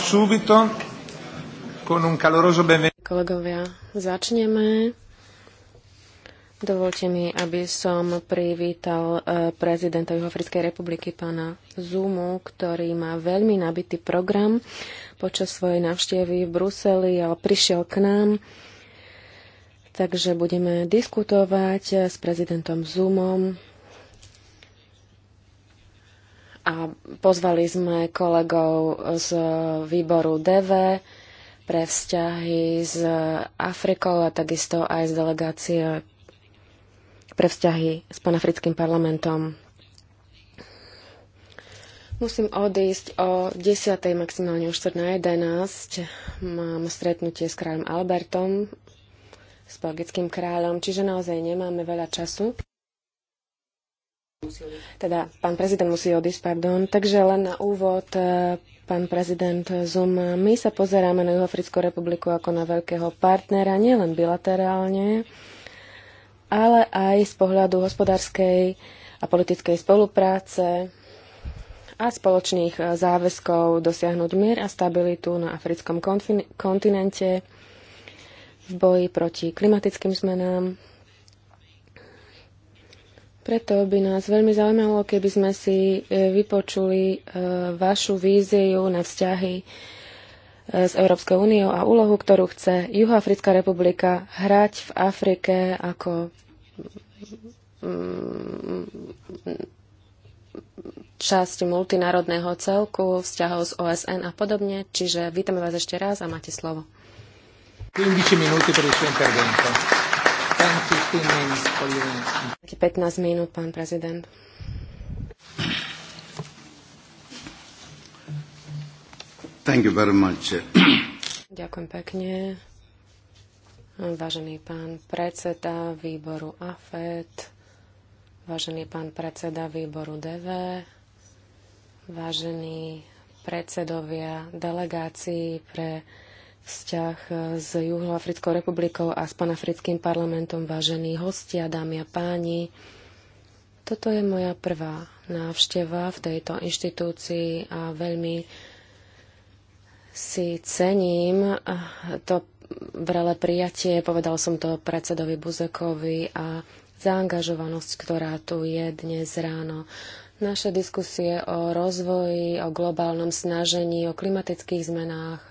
subito con un caloroso benvenuto. Kolegovia, začneme. Dovolte mi, aby som privítal eh, prezidenta Juhoafrickej republiky pána Zumu, ktorý má veľmi nabitý program počas svojej návštevy v Bruseli, ale prišiel k nám. Takže budeme diskutovať eh, s prezidentom Zumom a pozvali sme kolegov z výboru DV pre vzťahy s Afrikou a takisto aj z delegácie pre vzťahy s panafrickým parlamentom. Musím odísť o 10. maximálne už 4 na 11. Mám stretnutie s kráľom Albertom, s belgickým kráľom, čiže naozaj nemáme veľa času. Teda pán prezident musí odísť, pardon. Takže len na úvod, e, pán prezident Zuma, my sa pozeráme na Juhoafrickú republiku ako na veľkého partnera, nielen bilaterálne, ale aj z pohľadu hospodárskej a politickej spolupráce a spoločných e, záväzkov dosiahnuť mier a stabilitu na africkom kontinente v boji proti klimatickým zmenám, preto by nás veľmi zaujímalo, keby sme si e, vypočuli e, vašu víziu na vzťahy e, s Európskou úniou a úlohu, ktorú chce Juhoafrická republika hrať v Afrike ako mm, časť multinárodného celku, vzťahov s OSN a podobne. Čiže vítame vás ešte raz a máte slovo. 15 minúty pre intervento. 15 minút, pán prezident. Thank you very much. Ďakujem pekne. Vážený pán predseda výboru AFET, vážený pán predseda výboru DV, vážení predsedovia delegácií pre vzťah e, s Juhoafrickou republikou a s panafrickým parlamentom, vážení hostia, dámy a páni. Toto je moja prvá návšteva v tejto inštitúcii a veľmi si cením to vrele prijatie, povedal som to predsedovi Buzekovi a zaangažovanosť, ktorá tu je dnes ráno. Naše diskusie o rozvoji, o globálnom snažení, o klimatických zmenách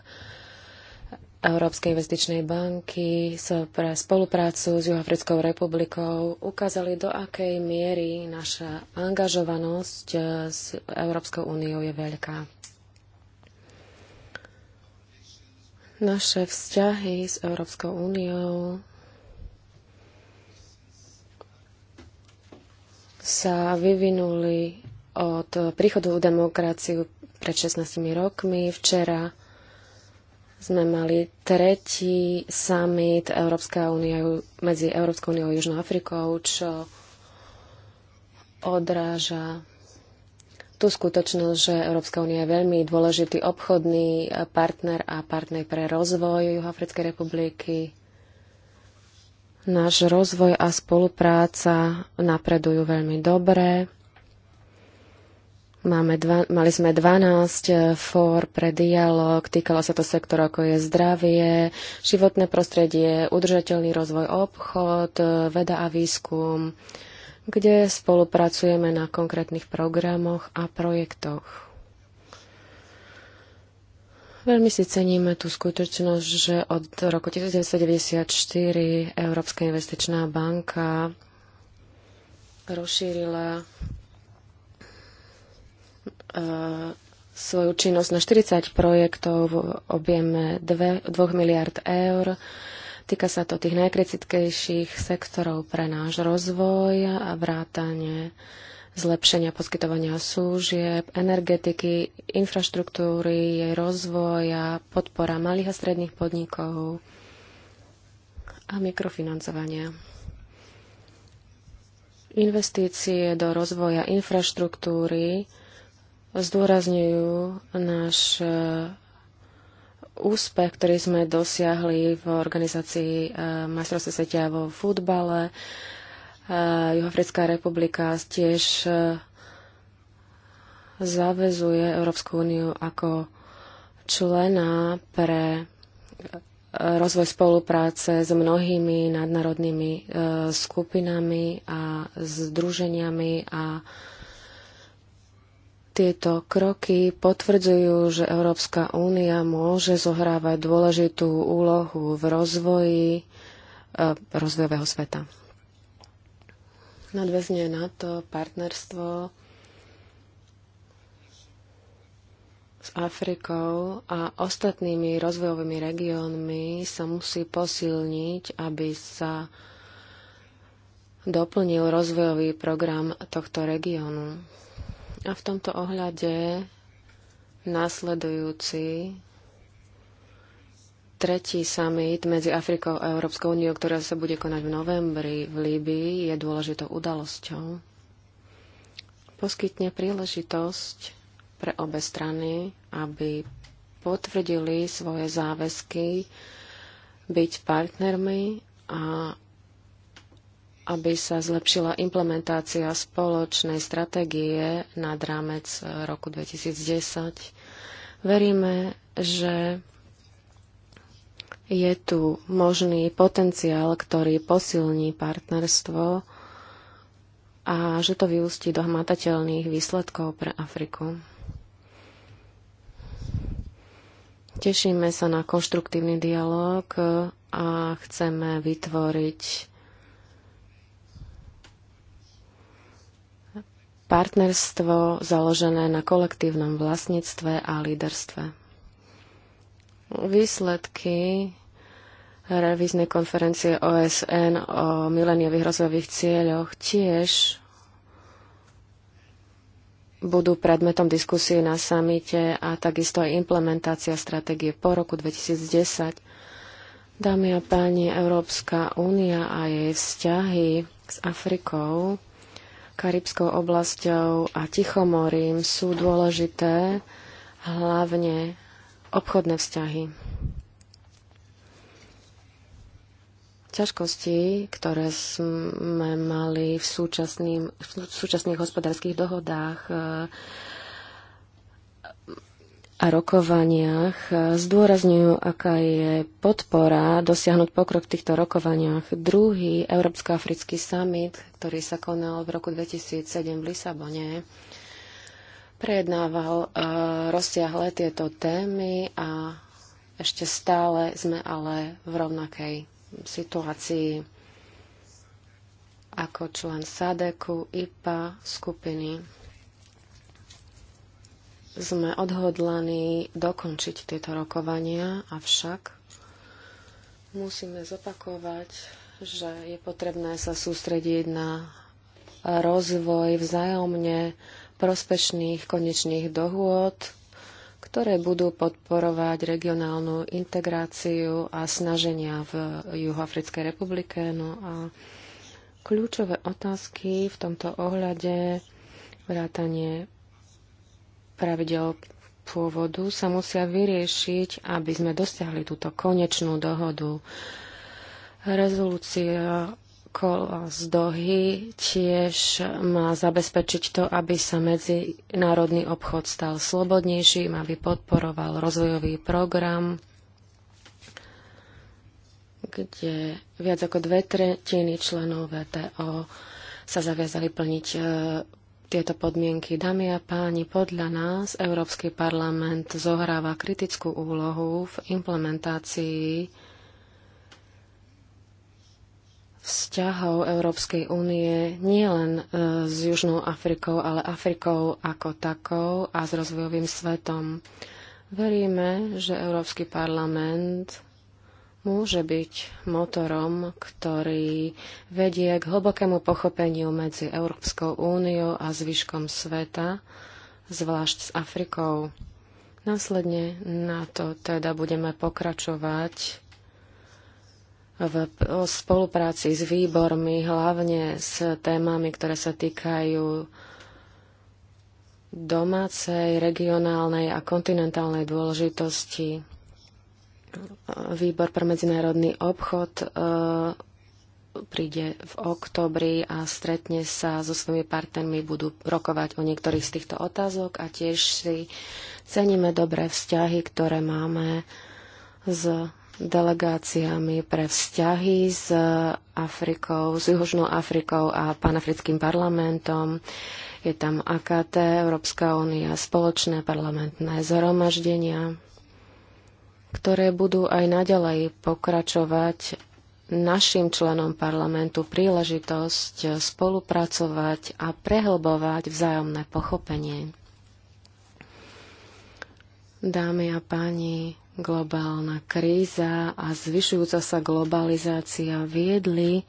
Európskej investičnej banky so pre spoluprácu s Juhafrickou republikou ukázali, do akej miery naša angažovanosť eh, s Európskou úniou je veľká. Naše vzťahy s Európskou úniou sa vyvinuli od príchodu v demokraciu pred 16 rokmi. Včera sme mali tretí summit Európska únia, medzi Európskou úniou a Južnou Afrikou, čo odráža tú skutočnosť, že Európska únia je veľmi dôležitý obchodný partner a partner pre rozvoj Juhoafrickej republiky. Náš rozvoj a spolupráca napredujú veľmi dobre. Máme dva, mali sme 12 eh, fór pre dialog, týkalo sa to sektor, ako je zdravie, životné prostredie, udržateľný rozvoj obchod, eh, veda a výskum, kde spolupracujeme na konkrétnych programoch a projektoch. Veľmi si ceníme tú skutočnosť, že od roku 1994 Európska investičná banka rozšírila E, svoju činnosť na 40 projektov v objeme 2, 2 miliard eur. Týka sa to tých najkritickejších sektorov pre náš rozvoj a vrátanie zlepšenia poskytovania služieb, energetiky, infraštruktúry, jej rozvoja, podpora malých a stredných podnikov a mikrofinancovania. Investície do rozvoja infraštruktúry zdôrazňujú náš e, úspech, ktorý sme dosiahli v organizácii e, majstrovstva sveta vo futbale. E, Juhoafrická republika tiež zavezuje Európsku úniu ako člena pre rozvoj spolupráce s mnohými nadnárodnými skupinami a združeniami a tieto kroky potvrdzujú, že Európska únia môže zohrávať dôležitú úlohu v rozvoji e, rozvojového sveta. Nadväzne na to partnerstvo s Afrikou a ostatnými rozvojovými regiónmi sa musí posilniť, aby sa doplnil rozvojový program tohto regiónu. A v tomto ohľade následujúci tretí summit medzi Afrikou a Európskou úniou, ktorá sa bude konať v novembri v Líbii, je dôležitou udalosťou. Poskytne príležitosť pre obe strany, aby potvrdili svoje záväzky byť partnermi a aby sa zlepšila implementácia spoločnej stratégie nad rámec roku 2010. Veríme, že je tu možný potenciál, ktorý posilní partnerstvo a že to vyústi do hmatateľných výsledkov pre Afriku. Tešíme sa na konštruktívny dialog a chceme vytvoriť partnerstvo založené na kolektívnom vlastníctve a líderstve. Výsledky revíznej konferencie OSN o mileniových rozvojových cieľoch tiež budú predmetom diskusie na samite a takisto aj implementácia stratégie po roku 2010. Dámy a páni, Európska únia a jej vzťahy s Afrikou Karibskou oblasťou a Tichomorím sú dôležité hlavne obchodné vzťahy. Ťažkosti, ktoré sme mali v, v súčasných hospodárskych dohodách, e, a rokovaniach e, zdôrazňujú, aká je podpora dosiahnuť pokrok v týchto rokovaniach. Druhý Európsko-africký summit, ktorý sa konal v roku 2007 v Lisabone, prejednával e, rozsiahle tieto témy a ešte stále sme ale v rovnakej situácii ako člen SADEKu, IPA skupiny sme odhodlaní dokončiť tieto rokovania, avšak musíme zopakovať, že je potrebné sa sústrediť na rozvoj vzájomne prospešných konečných dohôd, ktoré budú podporovať regionálnu integráciu a snaženia v Juhoafrickej republike. No a kľúčové otázky v tomto ohľade vrátanie pravidel pôvodu sa musia vyriešiť, aby sme dosiahli túto konečnú dohodu. Rezolúcia kola z Dohy tiež má zabezpečiť to, aby sa medzinárodný obchod stal slobodnejším, aby podporoval rozvojový program, kde viac ako dve tretiny členov VTO sa zaviazali plniť e, tieto podmienky. Dámy a páni, podľa nás Európsky parlament zohráva kritickú úlohu v implementácii vzťahov Európskej únie nielen e, s Južnou Afrikou, ale Afrikou ako takou a s rozvojovým svetom. Veríme, že Európsky parlament môže byť motorom, ktorý vedie k hlbokému pochopeniu medzi Európskou úniou a zvyškom sveta, zvlášť s Afrikou. Následne na to teda budeme pokračovať v spolupráci s výbormi, hlavne s témami, ktoré sa týkajú domácej, regionálnej a kontinentálnej dôležitosti Výbor pre medzinárodný obchod e, príde v oktobri a stretne sa so svojimi partnermi, budú rokovať o niektorých z týchto otázok a tiež si ceníme dobré vzťahy, ktoré máme s delegáciami pre vzťahy s Afrikou, s Južnou Afrikou a panafrickým parlamentom. Je tam AKT, Európska únia, spoločné parlamentné zhromaždenia ktoré budú aj naďalej pokračovať našim členom parlamentu príležitosť spolupracovať a prehlbovať vzájomné pochopenie. Dámy a páni, globálna kríza a zvyšujúca sa globalizácia viedli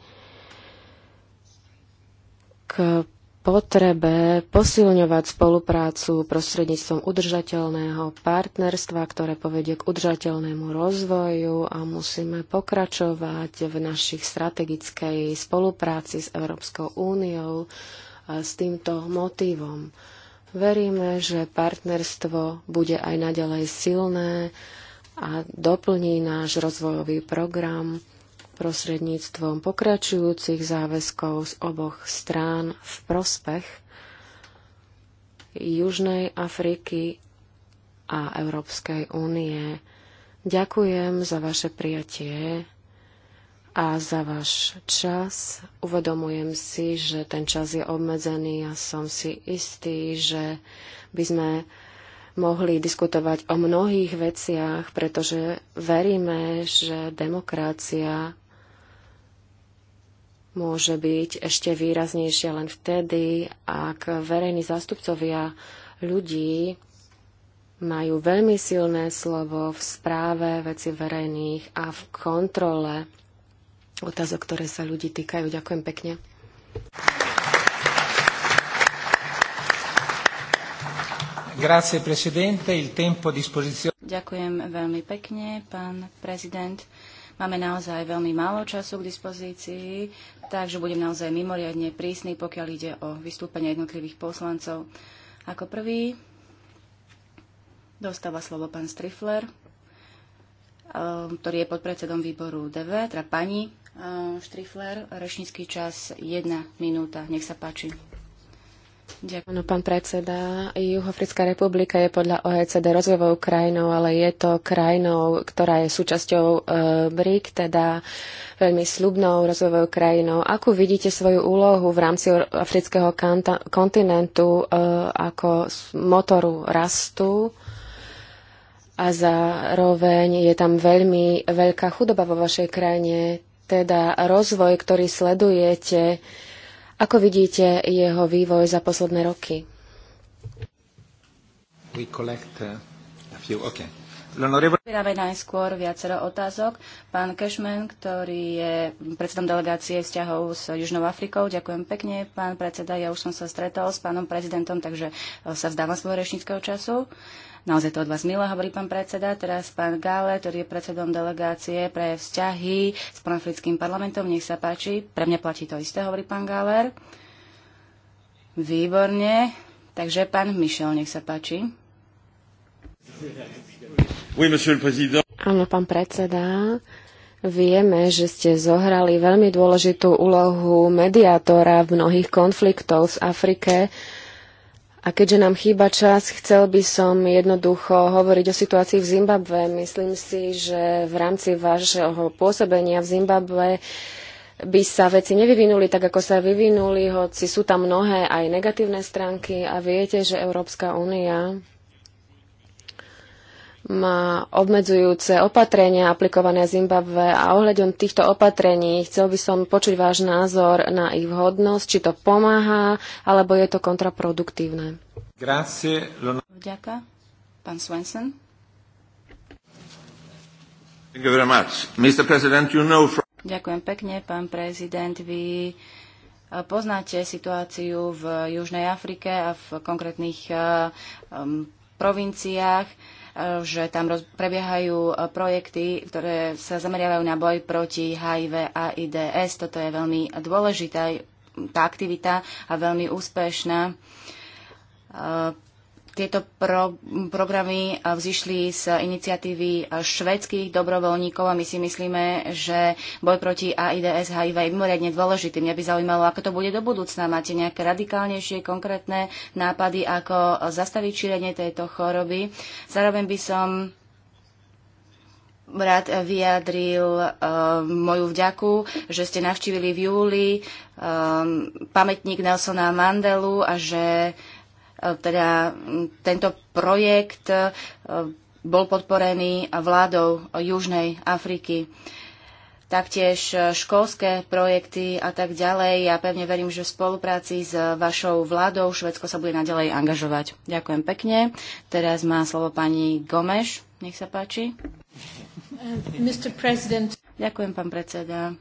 k potrebe posilňovať spoluprácu prostredníctvom udržateľného partnerstva, ktoré povedie k udržateľnému rozvoju a musíme pokračovať v našich strategickej spolupráci s Európskou úniou e, s týmto motívom. Veríme, že partnerstvo bude aj naďalej silné a doplní náš rozvojový program prostredníctvom pokračujúcich záväzkov z oboch strán v prospech Južnej Afriky a Európskej únie. Ďakujem za vaše prijatie a za váš čas. Uvedomujem si, že ten čas je obmedzený a som si istý, že by sme mohli diskutovať o mnohých veciach, pretože veríme, že demokracia môže byť ešte výraznejšia len vtedy, ak verejní zástupcovia ľudí majú veľmi silné slovo v správe veci verejných a v kontrole otázok, ktoré sa ľudí týkajú. Ďakujem pekne. Grazie, Ďakujem veľmi pekne, pán prezident. Máme naozaj veľmi málo času k dispozícii, takže budem naozaj mimoriadne prísny, pokiaľ ide o vystúpenie jednotlivých poslancov. Ako prvý dostáva slovo pán Strifler, eh, ktorý je podpredsedom výboru DV, teda pani Štrifler, eh, rečnícky čas 1 minúta. Nech sa páči. Ďakujem, pán predseda. Juhoafrická republika je podľa OECD rozvojovou krajinou, ale je to krajinou, ktorá je súčasťou e, BRIC, teda veľmi slubnou rozvojovou krajinou. Akú vidíte svoju úlohu v rámci afrického kanta, kontinentu e, ako motoru rastu? A zároveň je tam veľmi veľká chudoba vo vašej krajine, teda rozvoj, ktorý sledujete, e, ako vidíte jeho vývoj za posledné roky? Uh, Vyberáme najskôr viacero otázok. Pán Cashman, ktorý je predsedom delegácie vzťahov s Južnou Afrikou. Ďakujem pekne, pán predseda. Ja už som sa stretol s pánom prezidentom, takže uh, sa vzdávam svojho rečníckého času. Uh, Naozaj to od vás milo hovorí pán predseda. Teraz pán Gále, ktorý je predsedom delegácie pre vzťahy s panafrickým parlamentom. Nech sa páči. Pre mňa platí to isté, hovorí pán Gáler. Výborne. Takže pán Mišel, nech sa páči. Oui, Áno, pán predseda. Vieme, že ste zohrali veľmi dôležitú úlohu mediátora v mnohých konfliktov v Afrike a keďže nám chýba čas, chcel by som jednoducho hovoriť o situácii v Zimbabve. Myslím si, že v rámci vášho pôsobenia v Zimbabve by sa veci nevyvinuli tak, ako sa vyvinuli, hoci sú tam mnohé aj negatívne stránky a viete, že Európska únia má obmedzujúce opatrenia aplikované Zimbabve a ohľadom týchto opatrení chcel by som počuť váš názor na ich vhodnosť, či to pomáha, alebo je to kontraproduktívne. Grazie. Ďakujem. Pán Svensson. You know... Ďakujem pekne, pán prezident. Vy eh, poznáte situáciu v Južnej Afrike a v konkrétnych um, provinciách že tam prebiehajú e, projekty, ktoré sa zameriavajú na boj proti HIV a IDS. Toto je veľmi dôležitá tá aktivita a veľmi úspešná e, tieto pro, programy eh, vzýšli z iniciatívy eh, švedských dobrovoľníkov a my si myslíme, že boj proti AIDS HIV je mimoriadne dôležitý. Mňa by zaujímalo, ako to bude do budúcna. Máte nejaké radikálnejšie, konkrétne nápady, ako zastaviť šírenie tejto choroby. Zároveň by som rád vyjadril uh, moju vďaku, že ste navštívili v júli um, pamätník Nelsona Mandelu a že uh, teda tento projekt e, bol podporený vládou Južnej Afriky taktiež e, školské projekty a tak ďalej. Ja pevne verím, že v spolupráci s vašou vládou Švedsko sa bude naďalej angažovať. Ďakujem pekne. Teraz má slovo pani Gomeš. Nech sa páči. Ďakujem, pán predseda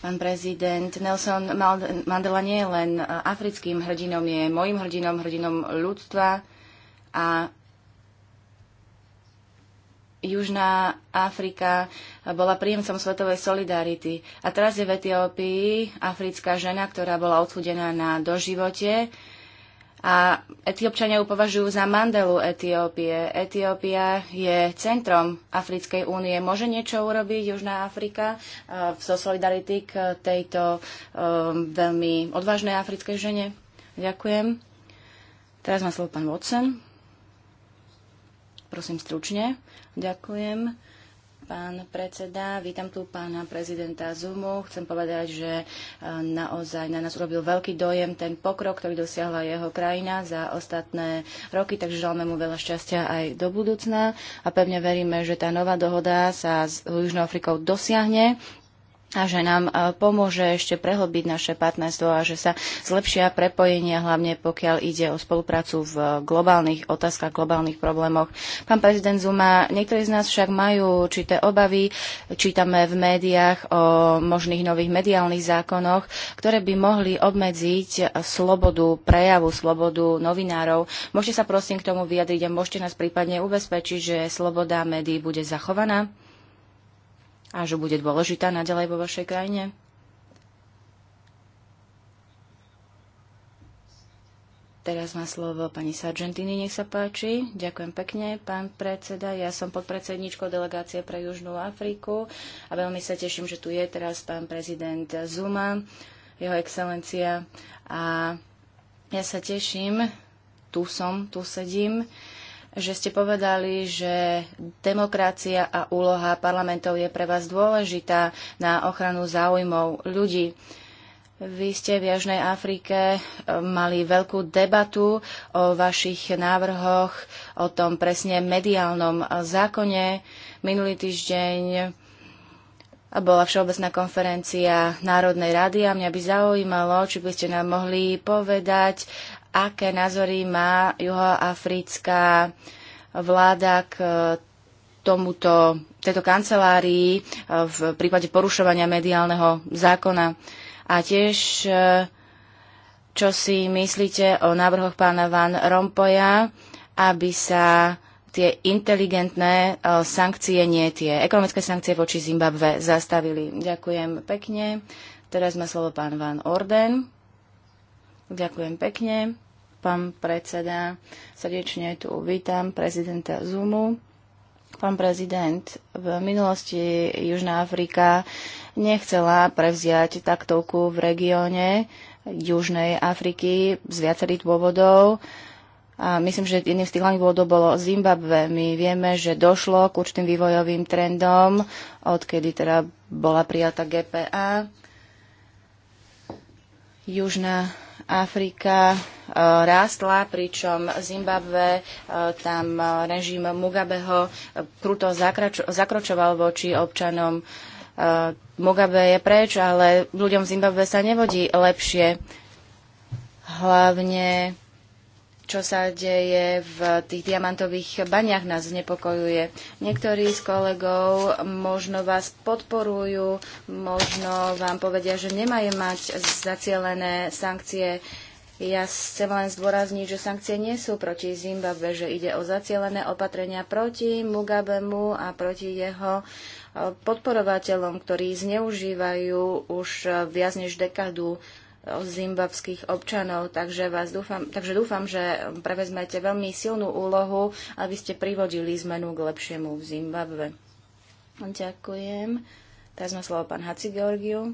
pán prezident. Nelson Mandela nie je len e, africkým hrdinom, je mojim hrdinom, hrdinom ľudstva a Južná Afrika bola príjemcom svetovej solidarity. A teraz je v Etiópii africká žena, ktorá bola odsudená na doživote a etiópčania ju považujú za Mandelu Etiópie. Etiópia je centrom Africkej únie. Môže niečo urobiť Južná Afrika so e, solidarity k tejto um, veľmi odvážnej africkej žene? Ďakujem. Teraz má slovo pán Watson. Prosím stručne. Ďakujem pán predseda. Vítam tu pána prezidenta Zumu. Chcem povedať, že e, naozaj na nás urobil veľký dojem ten pokrok, ktorý dosiahla jeho krajina za ostatné roky, takže želáme mu veľa šťastia aj do budúcna a pevne veríme, že tá nová dohoda sa s Južnou Afrikou dosiahne a že nám e, pomôže ešte prehlbiť naše partnerstvo a že sa zlepšia prepojenia, hlavne pokiaľ ide o spoluprácu v globálnych otázkach, globálnych problémoch. Pán prezident Zuma, niektorí z nás však majú určité obavy. Čítame v médiách o možných nových mediálnych zákonoch, ktoré by mohli obmedziť slobodu prejavu, slobodu novinárov. Môžete sa prosím k tomu vyjadriť a môžete nás prípadne ubezpečiť, že sloboda médií bude zachovaná? a že bude dôležitá naďalej vo vašej krajine? Teraz má slovo pani Sargentini, nech sa páči. Ďakujem pekne, pán predseda. Ja som podpredsedničkou delegácie pre Južnú Afriku a veľmi sa teším, že tu je teraz pán prezident Zuma, jeho excelencia. A ja sa teším, tu som, tu sedím že ste povedali, že demokracia a úloha parlamentov je pre vás dôležitá na ochranu záujmov ľudí. Vy ste v Jažnej Afrike e, mali veľkú debatu o vašich návrhoch, o tom presne mediálnom e, zákone. Minulý týždeň e, bola Všeobecná konferencia Národnej rady a mňa by zaujímalo, či by ste nám mohli povedať, aké názory má juhoafrická vláda k e, tomuto, tejto kancelárii e, v prípade porušovania mediálneho zákona. A tiež, e, čo si myslíte o návrhoch pána Van Rompoja, aby sa tie inteligentné sankcie, nie tie ekonomické sankcie voči Zimbabve zastavili. Ďakujem pekne. Teraz má slovo pán Van Orden. Ďakujem pekne. Pán predseda, srdečne tu vítam prezidenta Zumu. Pán prezident, v minulosti Južná Afrika nechcela prevziať taktovku v regióne Južnej Afriky z viacerých dôvodov. A myslím, že jedným z tých hlavných dôvodov bolo Zimbabwe. My vieme, že došlo k určitým vývojovým trendom, odkedy teda bola prijatá GPA. Južná Afrika e, rástla, pričom Zimbabwe e, tam e, režim Mugabeho kruto zakročoval voči občanom. Mugabe je preč, ale ľuďom v Zimbabwe sa nevodí lepšie. Hlavne čo sa deje v tých diamantových baniach, nás znepokojuje. Niektorí z kolegov možno vás podporujú, možno vám povedia, že nemajú mať zacielené sankcie. Ja chcem len zdôrazniť, že sankcie nie sú proti Zimbabwe, že ide o zacielené opatrenia proti Mugabemu a proti jeho eh, podporovateľom, ktorí zneužívajú už eh, viac než dekadu zimbabských občanov. Takže, vás dúfam, takže dúfam, že prevezmete veľmi silnú úlohu, aby ste privodili zmenu k lepšiemu v Zimbabve. Ďakujem. Teraz má slovo pán Haci Georgiu.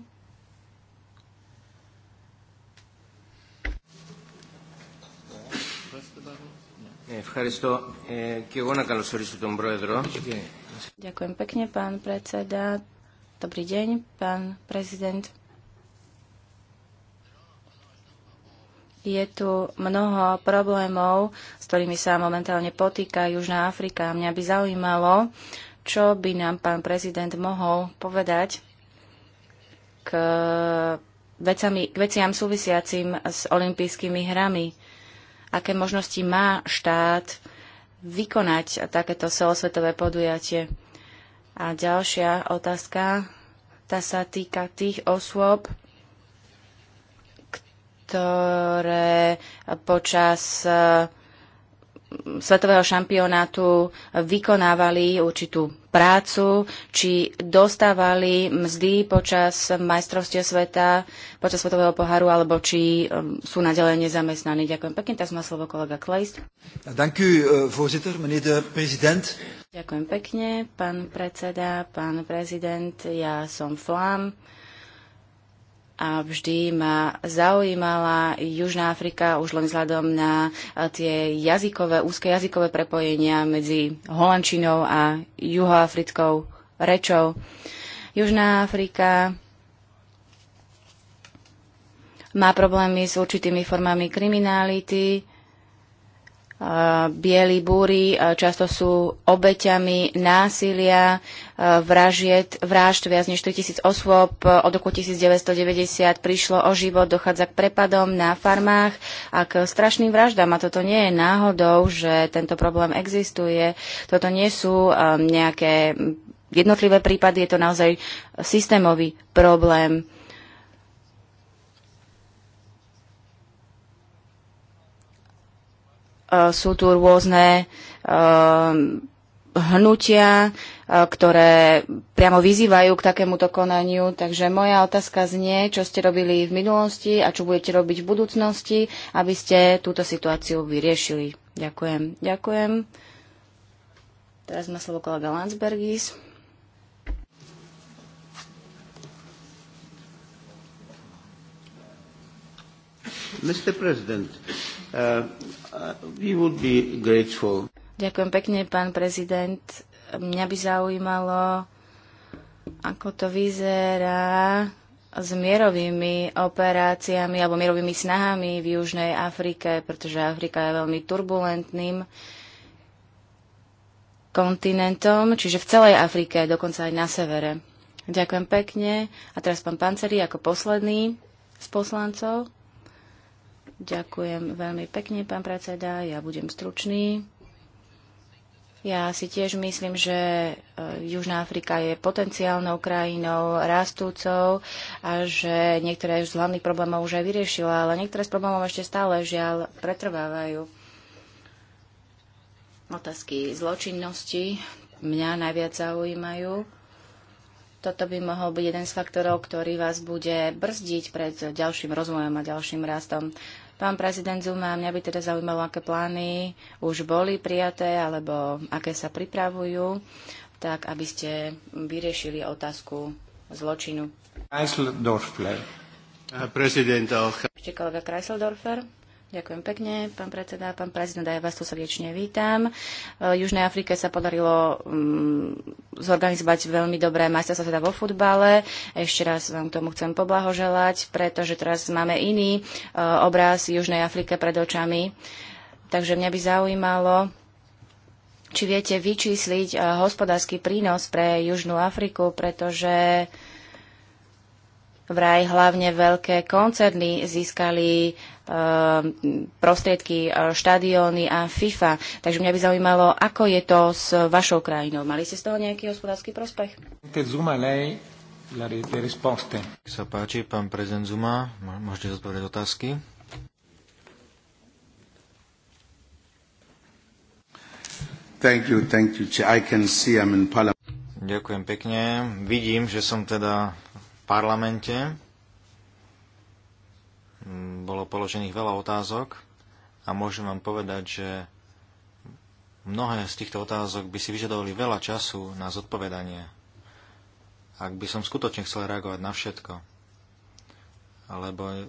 Eh, eh, ¿no? Ďakujem pekne, pán predseda. Dobrý deň, pán prezident. je tu mnoho problémov, s ktorými sa momentálne potýka Južná Afrika. Mňa by zaujímalo, čo by nám pán prezident mohol povedať k, vecami, k veciam súvisiacim s olympijskými hrami. Aké možnosti má štát vykonať takéto celosvetové podujatie? A ďalšia otázka, tá sa týka tých osôb, ktoré počas e, svetového šampionátu vykonávali určitú prácu, či dostávali mzdy počas majstrovstie sveta, počas svetového poharu, alebo či sú nadalej nezamestnaní. Ďakujem pekne. Teraz má slovo kolega Klejs. Eh, Ďakujem pekne, pán predseda, pán prezident. Ja som Flám a vždy ma zaujímala Južná Afrika už len vzhľadom na e, tie jazykové, úzke jazykové prepojenia medzi holandčinou a juhoafrickou rečou. Južná Afrika má problémy s určitými formami kriminality, bieli búry často sú obeťami násilia, vražiet, vražd viac než 3000 osôb od roku 1990 prišlo o život, dochádza k prepadom na farmách a k strašným vraždám. A toto nie je náhodou, že tento problém existuje. Toto nie sú nejaké jednotlivé prípady, je to naozaj systémový problém Eh, sú tu rôzne eh, hnutia, eh, ktoré priamo vyzývajú k takémuto konaniu. Takže moja otázka znie, čo ste robili v minulosti a čo budete robiť v budúcnosti, aby ste túto situáciu vyriešili. Ďakujem. Ďakujem. Teraz má slovo kolega Landsbergis. Mr. President, uh, we would be grateful. Ďakujem pekne, pán prezident. Mňa by zaujímalo, ako to vyzerá s mierovými operáciami alebo mierovými snahami v Južnej Afrike, pretože Afrika je veľmi turbulentným kontinentom, čiže v celej Afrike, dokonca aj na severe. Ďakujem pekne. A teraz pán Panceri ako posledný z poslancov. Ďakujem veľmi pekne, pán predseda. Ja budem stručný. Ja si tiež myslím, že e, Južná Afrika je potenciálnou krajinou rastúcou a že niektoré z hlavných problémov už aj vyriešila, ale niektoré z problémov ešte stále žiaľ pretrvávajú. Otázky zločinnosti mňa najviac zaujímajú. Toto by mohol byť jeden z faktorov, ktorý vás bude brzdiť pred ďalším rozvojom a ďalším rastom. Pán prezident Zuma, mňa by teda zaujímalo, aké plány už boli prijaté alebo aké sa pripravujú, tak aby ste vyriešili otázku zločinu. Ešte kolega kreisler Ďakujem pekne, pán predseda. Pán prezident, aj vás tu srdečne vítam. V Južnej Afrike sa podarilo um, zorganizovať veľmi dobré majstrovstvá teda vo futbale. Ešte raz vám k tomu chcem poblahoželať, pretože teraz máme iný uh, obraz Južnej Afrike pred očami. Takže mňa by zaujímalo, či viete vyčísliť uh, hospodársky prínos pre Južnú Afriku, pretože uh, vraj hlavne veľké koncerny získali eh, prostriedky eh, štadióny a FIFA. Takže mňa by zaujímalo, ako je to s vašou krajinou. Mali ste z toho nejaký hospodársky prospech? Sa páči, pán prezident Zuma, môžete zodpovedať otázky. Thank you, thank you. Ďakujem pekne. Vidím, že som teda parlamente. Bolo položených veľa otázok a môžem vám povedať, že mnohé z týchto otázok by si vyžadovali veľa času na zodpovedanie, ak by som skutočne chcel reagovať na všetko. Alebo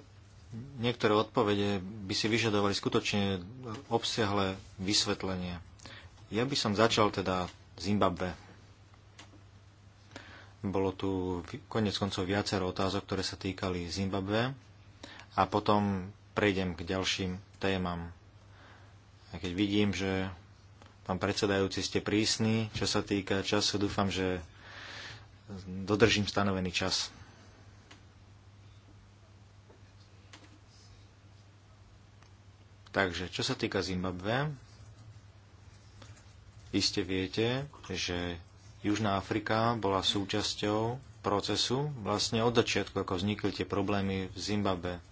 niektoré odpovede by si vyžadovali skutočne obsiahle vysvetlenie. Ja by som začal teda Zimbabve. Bolo tu konec koncov viacero otázok, ktoré sa týkali Zimbabve a potom prejdem k ďalším témam. A keď vidím, že pán predsedajúci ste prísni, čo sa týka času, dúfam, že dodržím stanovený čas. Takže, čo sa týka Zimbabve, iste viete, že Južná Afrika bola súčasťou procesu vlastne od začiatku, ako vznikli tie problémy v Zimbabve.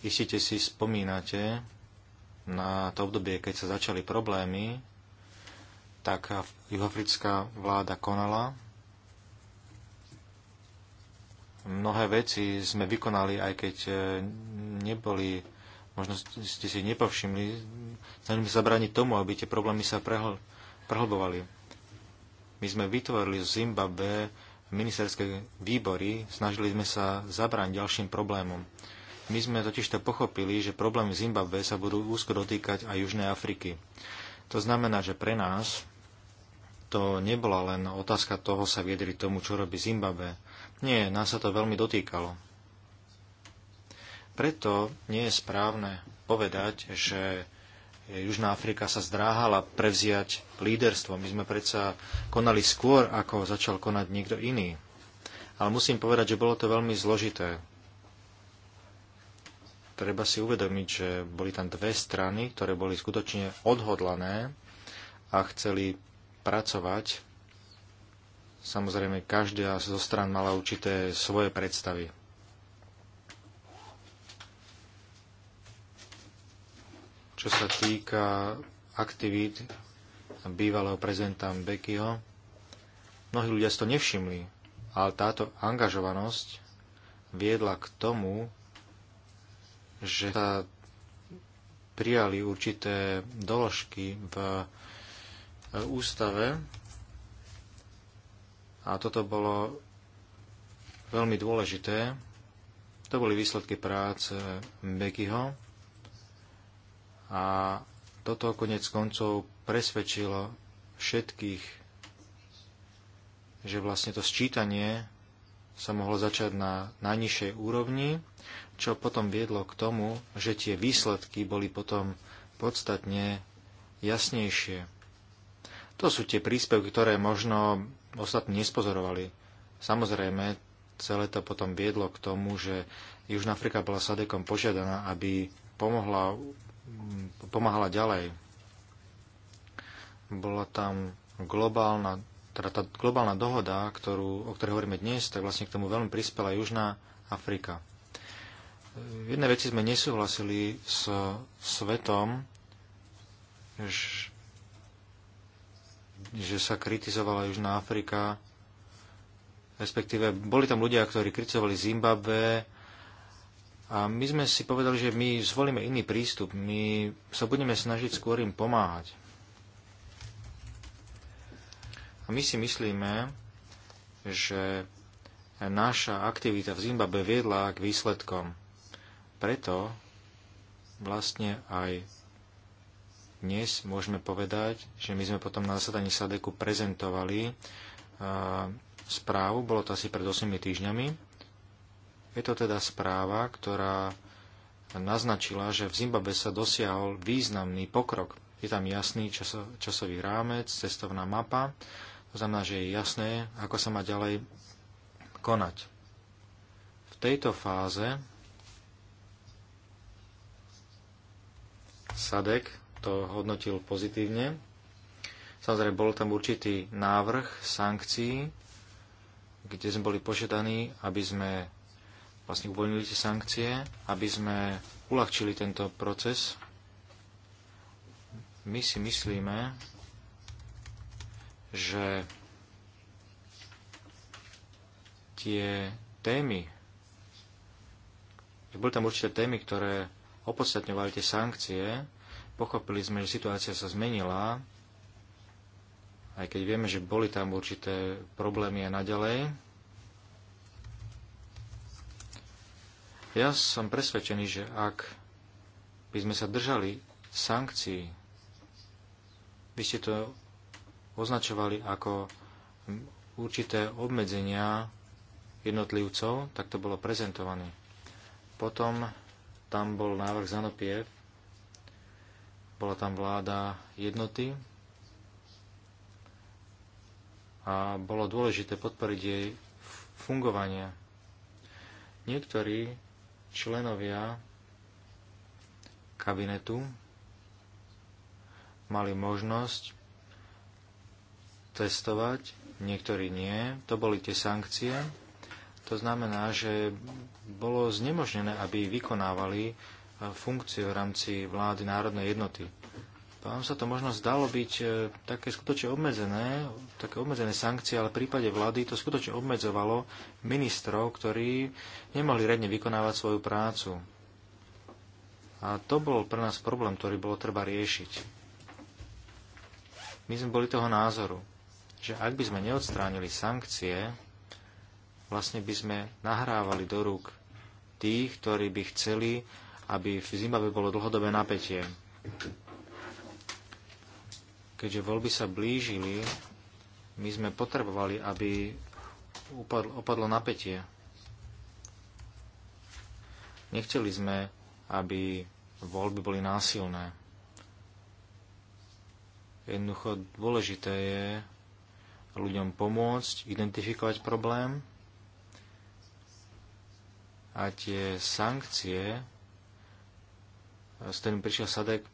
Istite si spomínate na to obdobie, keď sa začali problémy, tak juhoafrická vláda konala. Mnohé veci sme vykonali, aj keď e, neboli, možno ste si nepovšimli, sa zabrániť tomu, aby tie problémy sa prehl, prehlbovali. My sme vytvorili v Zimbabwe ministerské výbory, snažili sme sa zabrániť ďalším problémom. My sme to pochopili, že problémy Zimbabwe sa budú úzko dotýkať aj Južnej Afriky. To znamená, že pre nás to nebola len otázka toho sa viedri tomu, čo robí Zimbabwe. Nie, nás sa to veľmi dotýkalo. Preto nie je správne povedať, že Južná Afrika sa zdráhala prevziať líderstvo. My sme predsa konali skôr, ako začal konať niekto iný. Ale musím povedať, že bolo to veľmi zložité. Treba si uvedomiť, že boli tam dve strany, ktoré boli skutočne odhodlané a chceli pracovať. Samozrejme, každá zo stran mala určité svoje predstavy. Čo sa týka aktivít bývalého prezidenta Bekyho, mnohí ľudia si to nevšimli, ale táto angažovanosť viedla k tomu, že sa prijali určité doložky v e, ústave a toto bolo veľmi dôležité. To boli výsledky práce Bekyho a toto konec koncov presvedčilo všetkých, že vlastne to sčítanie sa mohlo začať na najnižšej úrovni, čo potom viedlo k tomu, že tie výsledky boli potom podstatne jasnejšie. To sú tie príspevky, ktoré možno ostatní nespozorovali. Samozrejme, celé to potom viedlo k tomu, že Južná Afrika bola Sadekom požiadaná, aby pomohla Mm, pomáhala ďalej. Bola tam globálna, teda tá globálna dohoda, ktorú, o ktorej hovoríme dnes, tak vlastne k tomu veľmi prispela Južná Afrika. V jednej veci sme nesúhlasili s svetom, že sa kritizovala Južná Afrika, respektíve boli tam ľudia, ktorí kritizovali Zimbabwe, a my sme si povedali, že my zvolíme iný prístup, my sa budeme snažiť skôr im pomáhať. A my si myslíme, že naša aktivita v Zimbabwe viedla k výsledkom. Preto vlastne aj dnes môžeme povedať, že my sme potom na zasadaní Sadeku prezentovali správu, bolo to asi pred 8 týždňami. Je to teda správa, ktorá naznačila, že v Zimbabwe sa dosiahol významný pokrok. Je tam jasný časo, časový rámec, cestovná mapa, to znamená, že je jasné, ako sa má ďalej konať. V tejto fáze Sadek to hodnotil pozitívne. Samozrejme, bol tam určitý návrh sankcií, kde sme boli požiadaní, aby sme vlastne uvoľnili tie sankcie, aby sme uľahčili tento proces. My si myslíme, že tie témy, že boli tam určité témy, ktoré opodstatňovali tie sankcie, pochopili sme, že situácia sa zmenila, aj keď vieme, že boli tam určité problémy aj naďalej, Ja som presvedčený, že ak by sme sa držali sankcií, vy ste to označovali ako určité obmedzenia jednotlivcov, tak to bolo prezentované. Potom tam bol návrh Zanopiev, bola tam vláda jednoty a bolo dôležité podporiť jej fungovanie. Niektorí členovia kabinetu mali možnosť testovať, niektorí nie. To boli tie sankcie. To znamená, že bolo znemožnené, aby vykonávali eh, funkcie v rámci vlády národnej jednoty. Vám sa to možno zdalo byť e, také skutočne obmedzené, také obmedzené sankcie, ale v prípade vlády to skutočne obmedzovalo ministrov, ktorí nemohli redne vykonávať svoju prácu. A to bol pre nás problém, ktorý bolo treba riešiť. My sme boli toho názoru, že ak by sme neodstránili sankcie, vlastne by sme nahrávali do rúk tých, ktorí by chceli, aby v Zimbabwe bolo dlhodobé napätie keďže voľby sa blížili, my sme potrebovali, aby upadlo, opadlo napätie. Nechceli sme, aby voľby boli násilné. Jednoducho dôležité je ľuďom pomôcť, identifikovať problém a tie sankcie, s ktorým prišiel Sadek,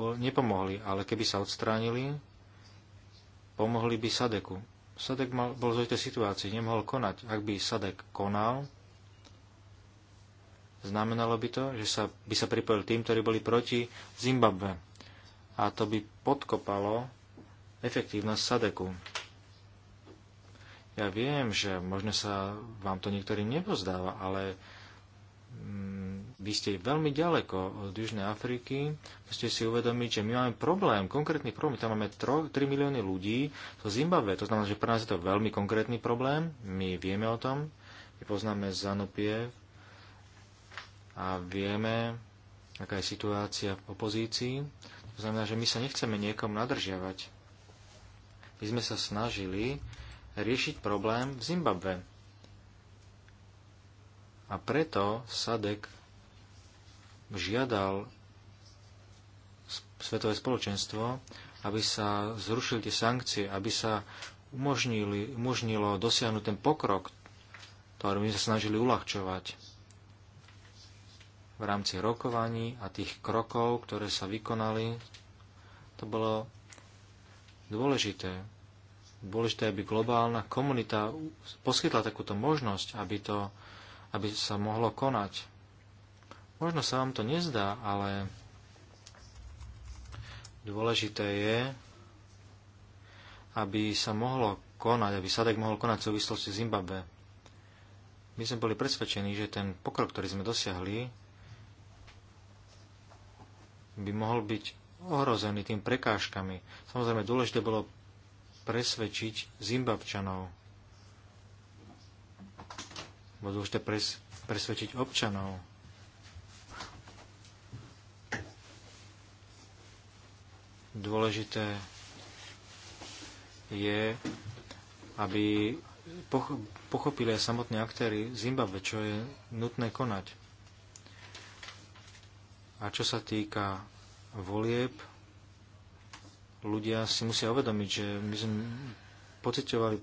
nepomohli, ale keby sa odstránili, pomohli by Sadeku. Sadek mal, bol v tej situácii, nemohol konať. Ak by Sadek konal, znamenalo by to, že sa, by sa pripojil tým, ktorí boli proti Zimbabve. A to by podkopalo efektívnosť Sadeku. Ja viem, že možno sa vám to niektorým nepozdáva, ale mm, vy ste veľmi ďaleko od Južnej Afriky, musíte si uvedomiť, že my máme problém, konkrétny problém, tam máme 3, 3 milióny ľudí zo Zimbabwe, to znamená, že pre nás je to veľmi konkrétny problém, my vieme o tom, my poznáme Zanopiev a vieme, aká je situácia v opozícii, to znamená, že my sa nechceme niekom nadržiavať. My sme sa snažili riešiť problém v Zimbabve. A preto SADEK žiadal svetové spoločenstvo, aby sa zrušili tie sankcie, aby sa umožnili, umožnilo dosiahnuť ten pokrok, ktorý my sa snažili uľahčovať v rámci rokovaní a tých krokov, ktoré sa vykonali, to bolo dôležité. Dôležité, aby globálna komunita poskytla takúto možnosť, aby, to, aby sa mohlo konať. Možno sa vám to nezdá, ale dôležité je, aby sa mohlo konať, aby Sadek mohol konať v súvislosti s Zimbabwe. My sme boli presvedčení, že ten pokrok, ktorý sme dosiahli, by mohol byť ohrozený tým prekážkami. Samozrejme, dôležité bolo presvedčiť Zimbabčanov. Bolo dôležité pres, presvedčiť občanov. Dôležité je, aby pochopili aj samotní aktéry Zimbabwe, čo je nutné konať. A čo sa týka volieb, ľudia si musia uvedomiť, že my sme pocitovali,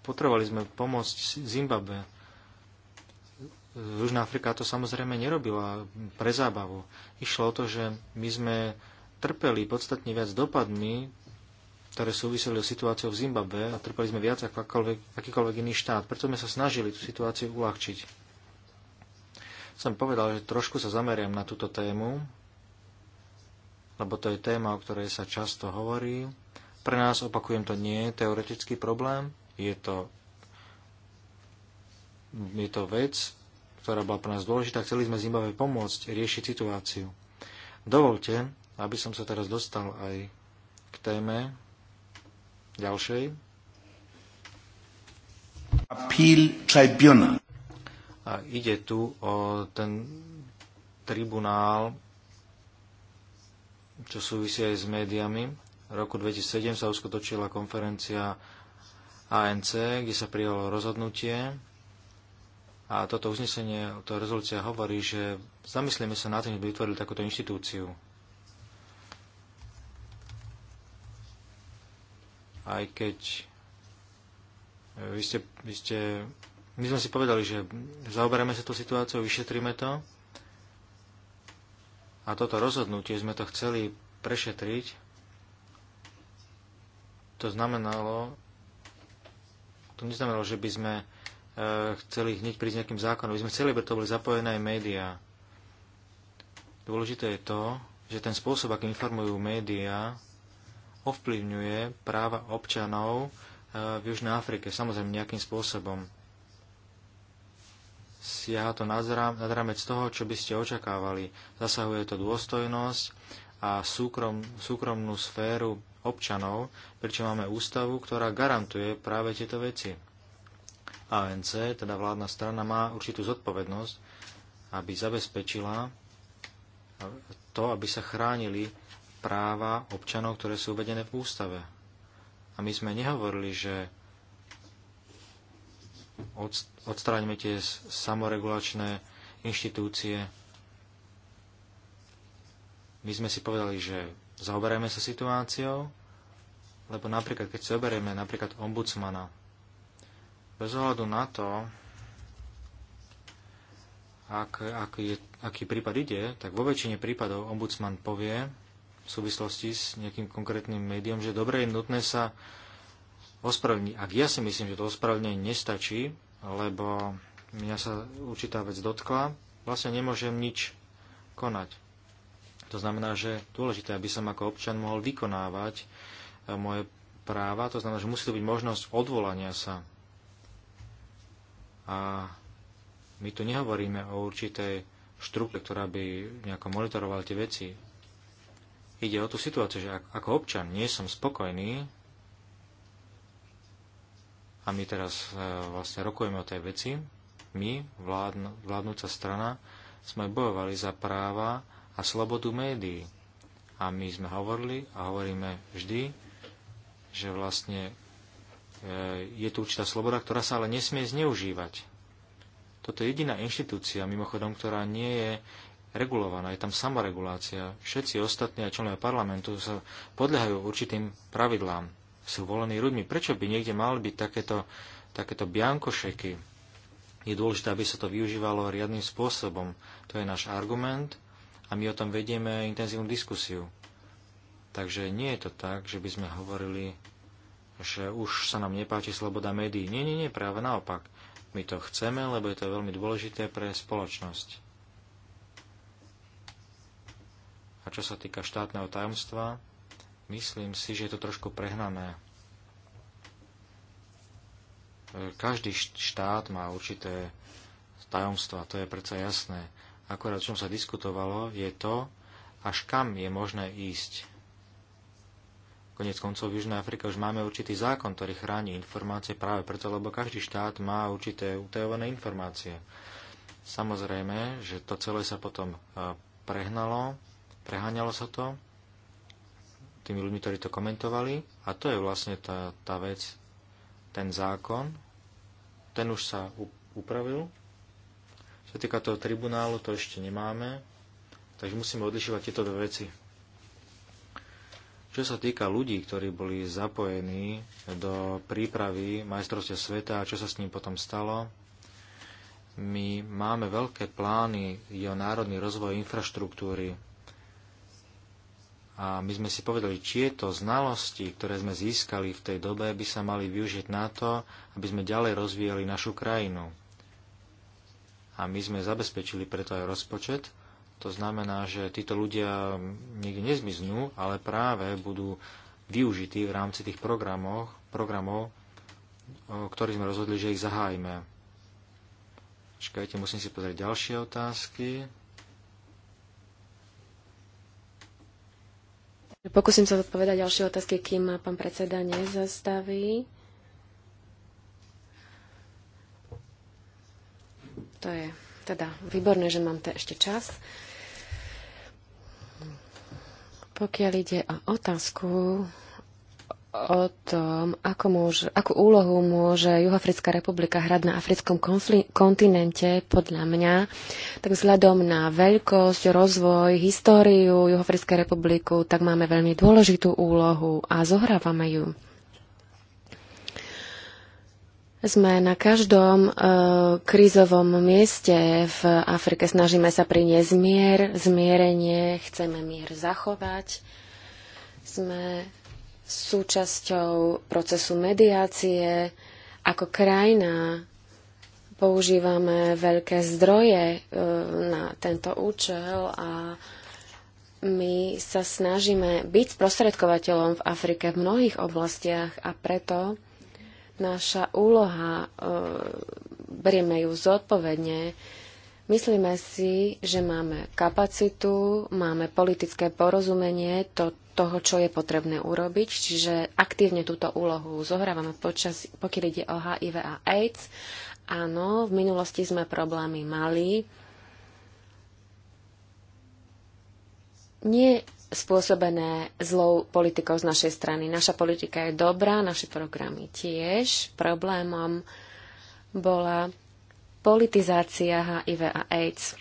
potrebovali sme pomôcť Zimbabwe. Južná Afrika to samozrejme nerobila pre zábavu. Išlo o to, že my sme trpeli podstatne viac dopadmi, ktoré súviseli s situáciou v Zimbabve a trpeli sme viac ako akýkoľvek iný štát. Preto sme sa snažili tú situáciu uľahčiť. Som povedal, že trošku sa zameriam na túto tému, lebo to je téma, o ktorej sa často hovorí. Pre nás, opakujem, to nie je teoretický problém, je to, je to vec, ktorá bola pre nás dôležitá. Chceli sme Zimbabve pomôcť riešiť situáciu. Dovolte, aby som sa teraz dostal aj k téme ďalšej. Appeal Tribunal. A ide tu o ten tribunál, čo súvisí aj s médiami. V roku 2007 sa uskutočila konferencia ANC, kde sa prijalo rozhodnutie a toto uznesenie, to rezolúcia hovorí, že zamyslíme sa na tým, že by vytvorili takúto inštitúciu. aj keď e, vy ste, vy ste, my sme si povedali, že zaoberieme sa tú situáciou, vyšetríme to a toto rozhodnutie sme to chceli prešetriť. To znamenalo, to neznamenalo, že by sme e, chceli hneď prísť nejakým zákonom. My sme chceli, aby to boli zapojené aj médiá. Dôležité je to, že ten spôsob, akým informujú médiá, ovplyvňuje práva občanov eh, v Južnej Afrike, samozrejme nejakým spôsobom. Ja to nad rámec toho, čo by ste očakávali. Zasahuje to dôstojnosť a súkrom, súkromnú sféru občanov, pričom máme ústavu, ktorá garantuje práve tieto veci. ANC, teda vládna strana, má určitú zodpovednosť, aby zabezpečila to, aby sa chránili práva občanov, ktoré sú uvedené v ústave. A my sme nehovorili, že odstráňme tie samoregulačné inštitúcie. My sme si povedali, že zaoberajme sa situáciou, lebo napríklad, keď si oberieme napríklad ombudsmana, bez ohľadu na to, ak, ak je, aký prípad ide, tak vo väčšine prípadov ombudsman povie, v súvislosti s nejakým konkrétnym médiom, že dobre je nutné sa ospravedlniť. Ak ja si myslím, že to ospravedlnenie nestačí, lebo mňa sa určitá vec dotkla, vlastne nemôžem nič konať. To znamená, že dôležité, aby som ako občan mohol vykonávať eh, moje práva, to znamená, že musí to byť možnosť odvolania sa. A my tu nehovoríme o určitej štruktúre, ktorá by nejako monitorovala tie veci ide o tú situáciu, že ako občan nie som spokojný a my teraz e, vlastne rokujeme o tej veci, my, vládn, vládnúca strana, sme bojovali za práva a slobodu médií. A my sme hovorili a hovoríme vždy, že vlastne e, je tu určitá sloboda, ktorá sa ale nesmie zneužívať. Toto je jediná inštitúcia, mimochodom, ktorá nie je regulovaná, je tam samoregulácia. Všetci ostatní aj členovia parlamentu sa podliehajú určitým pravidlám, sú volení ľuďmi. Prečo by niekde mali byť takéto, takéto biankošeky? Je dôležité, aby sa to využívalo riadnym spôsobom. To je náš argument a my o tom vedieme intenzívnu diskusiu. Takže nie je to tak, že by sme hovorili, že už sa nám nepáči sloboda médií. Nie, nie, nie, práve naopak. My to chceme, lebo je to veľmi dôležité pre spoločnosť. A čo sa týka štátneho tajomstva, myslím si, že je to trošku prehnané. Každý štát má určité tajomstva, to je predsa jasné. Akorát, o čom sa diskutovalo, je to, až kam je možné ísť. Konec koncov v Južnej Afrike už máme určitý zákon, ktorý chráni informácie práve preto, lebo každý štát má určité utajované informácie. Samozrejme, že to celé sa potom eh, prehnalo, preháňalo sa to tými ľuďmi, ktorí to komentovali. A to je vlastne tá, tá vec, ten zákon, ten už sa upravil. Čo týka toho tribunálu, to ešte nemáme, takže musíme odlišovať tieto dve veci. Čo sa týka ľudí, ktorí boli zapojení do prípravy majstrovstia sveta a čo sa s ním potom stalo, my máme veľké plány o národný rozvoj infraštruktúry a my sme si povedali, tieto znalosti, ktoré sme získali v tej dobe, by sa mali využiť na to, aby sme ďalej rozvíjali našu krajinu. A my sme zabezpečili preto aj rozpočet. To znamená, že títo ľudia nikdy nezmiznú, ale práve budú využití v rámci tých programov, programov ktorých sme rozhodli, že ich zahájme. Čakajte, musím si pozrieť ďalšie otázky. Pokúsim sa odpovedať ďalšie otázky, kým ma pán predseda nezastaví. To je teda výborné, že mám ešte čas. Pokiaľ ide o otázku o tom, ako môže, akú úlohu môže Juhafrická republika hrať na africkom kontinente, podľa mňa, tak vzhľadom na veľkosť, rozvoj, históriu Juhafrickej republiku, tak máme veľmi dôležitú úlohu a zohrávame ju. Sme na každom e, krízovom mieste v Afrike. Snažíme sa priniesť mier, zmierenie, chceme mier zachovať. Sme súčasťou procesu mediácie. Ako krajina používame veľké zdroje e, na tento účel a my sa snažíme byť sprostredkovateľom v Afrike v mnohých oblastiach a preto naša úloha, e, berieme ju zodpovedne. Myslíme si, že máme kapacitu, máme politické porozumenie, to toho, čo je potrebné urobiť, čiže aktívne túto úlohu zohrávame počas, pokiaľ ide o HIV a AIDS. Áno, v minulosti sme problémy mali. Nie spôsobené zlou politikou z našej strany. Naša politika je dobrá, naše programy tiež. Problémom bola politizácia HIV a AIDS.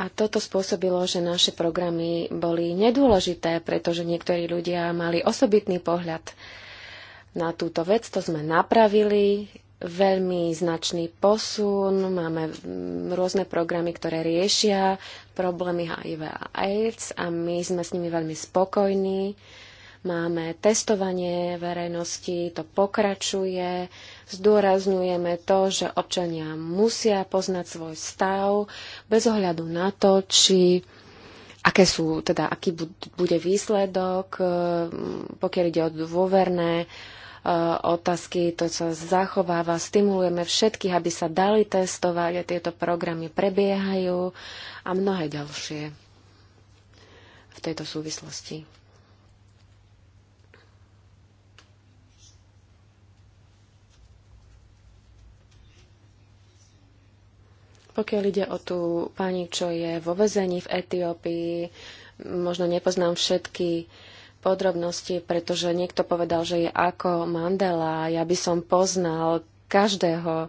A toto spôsobilo, že naše programy boli nedôležité, pretože niektorí ľudia mali osobitný pohľad na túto vec. To sme napravili, veľmi značný posun, máme mm, rôzne programy, ktoré riešia problémy HIV a AIDS a my sme s nimi veľmi spokojní. Máme testovanie verejnosti, to pokračuje. Zdôrazňujeme to, že občania musia poznať svoj stav bez ohľadu na to, či aké sú, teda aký bude výsledok, e, pokiaľ ide o dôverné e, otázky, to sa zachováva, stimulujeme všetkých, aby sa dali testovať a tieto programy prebiehajú a mnohé ďalšie v tejto súvislosti. Pokiaľ ide o tú pani, čo je vo vezení v Etiópii, možno nepoznám všetky podrobnosti, pretože niekto povedal, že je ako Mandela. Ja by som poznal každého e,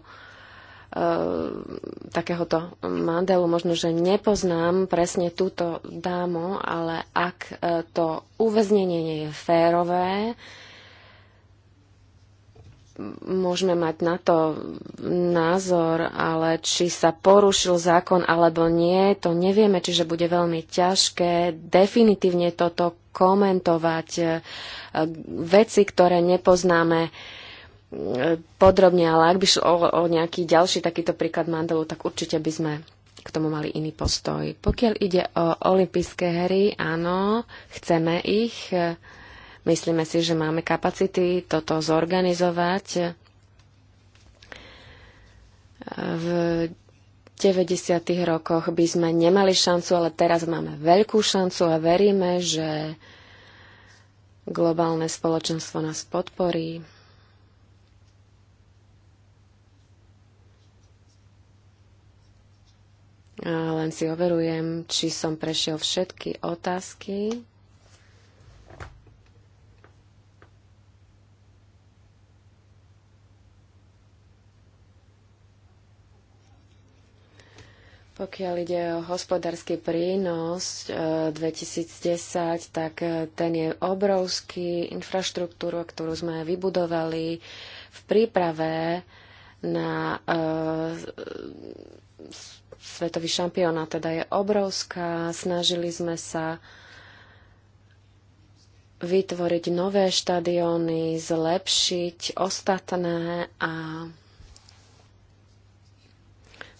takéhoto Mandelu. Možno, že nepoznám presne túto dámu, ale ak eh, to uväznenie nie je férové, e, môžeme mať na to názor, ale či sa porušil zákon alebo nie, to nevieme, čiže bude veľmi ťažké definitívne toto komentovať. E, veci, ktoré nepoznáme e, podrobne, ale ak by šlo o, o nejaký ďalší takýto príklad mandelu, tak určite by sme k tomu mali iný postoj. Pokiaľ ide o olympijské hry, áno, chceme ich e, Myslíme si, že máme kapacity toto zorganizovať. V 90. rokoch by sme nemali šancu, ale teraz máme veľkú šancu a veríme, že globálne spoločenstvo nás podporí. A len si overujem, či som prešiel všetky otázky. Pokiaľ ide o hospodársky prínos 2010, e, tak e, ten je obrovský. Infraštruktúru, ktorú sme vybudovali v príprave na e, svetový šampionát, teda je obrovská. Snažili sme sa vytvoriť nové štadióny, zlepšiť ostatné a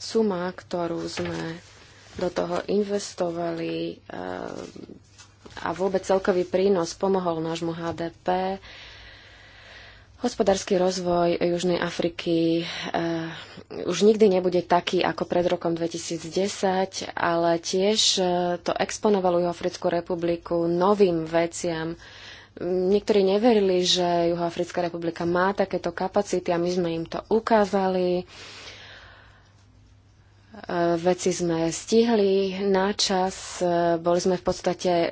Suma, ktorú sme do toho investovali eh, a vôbec celkový prínos pomohol nášmu HDP, Hospodársky rozvoj Južnej Afriky eh, už nikdy nebude taký ako pred rokom 2010, ale tiež eh, to exponovalo Juhoafrickú republiku novým veciam. Niektorí neverili, že Juhoafrická republika má takéto kapacity a my sme im to ukázali. Veci sme stihli na čas, boli sme v podstate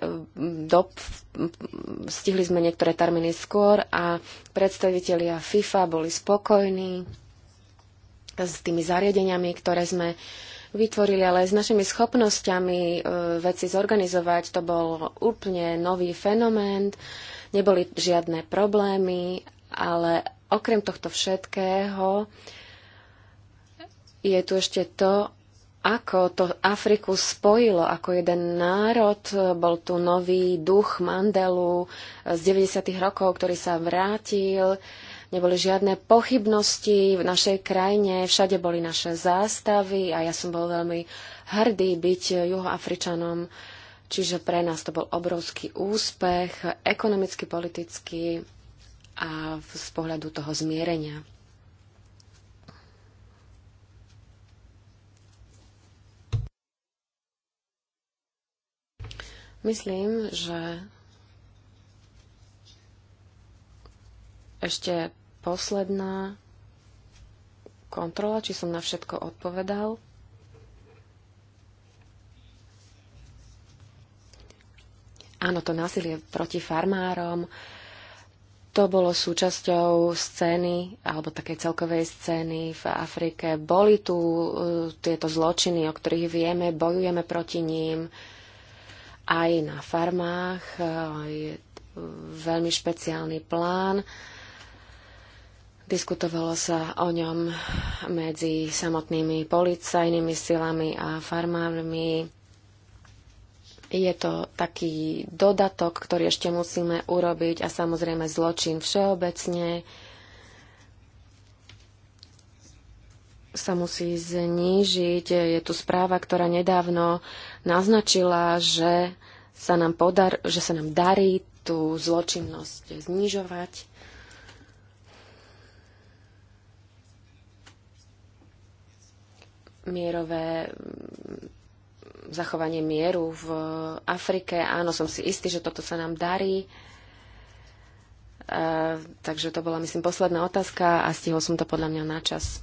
dop, stihli sme niektoré termíny skôr a predstavitelia FIFA boli spokojní s tými zariadeniami, ktoré sme vytvorili, ale s našimi schopnosťami e, veci zorganizovať to bol úplne nový fenomén, neboli žiadne problémy, ale okrem tohto všetkého je tu ešte to, ako to Afriku spojilo ako jeden národ. Bol tu nový duch Mandelu z 90. rokov, ktorý sa vrátil. Neboli žiadne pochybnosti v našej krajine, všade boli naše zástavy a ja som bol veľmi hrdý byť juhoafričanom. Čiže pre nás to bol obrovský úspech, ekonomicky, politicky a z pohľadu toho zmierenia. Myslím, že ešte posledná kontrola, či som na všetko odpovedal. Áno, to násilie proti farmárom, to bolo súčasťou scény, alebo takej celkovej scény v Afrike. Boli tu uh, tieto zločiny, o ktorých vieme, bojujeme proti ním. Uh, aj na farmách. Je veľmi špeciálny plán. Diskutovalo sa o ňom medzi samotnými policajnými silami a farmármi. Je to taký dodatok, ktorý ešte musíme urobiť a samozrejme zločin všeobecne. Uh, sa musí znížiť. Je tu správa, ktorá nedávno naznačila, že sa nám, podar, že sa nám darí tú zločinnosť znižovať. Mierové zachovanie mieru v Afrike. Áno, som si istý, že toto sa nám darí. E, takže to bola, myslím, posledná otázka a stihol som to podľa mňa na čas.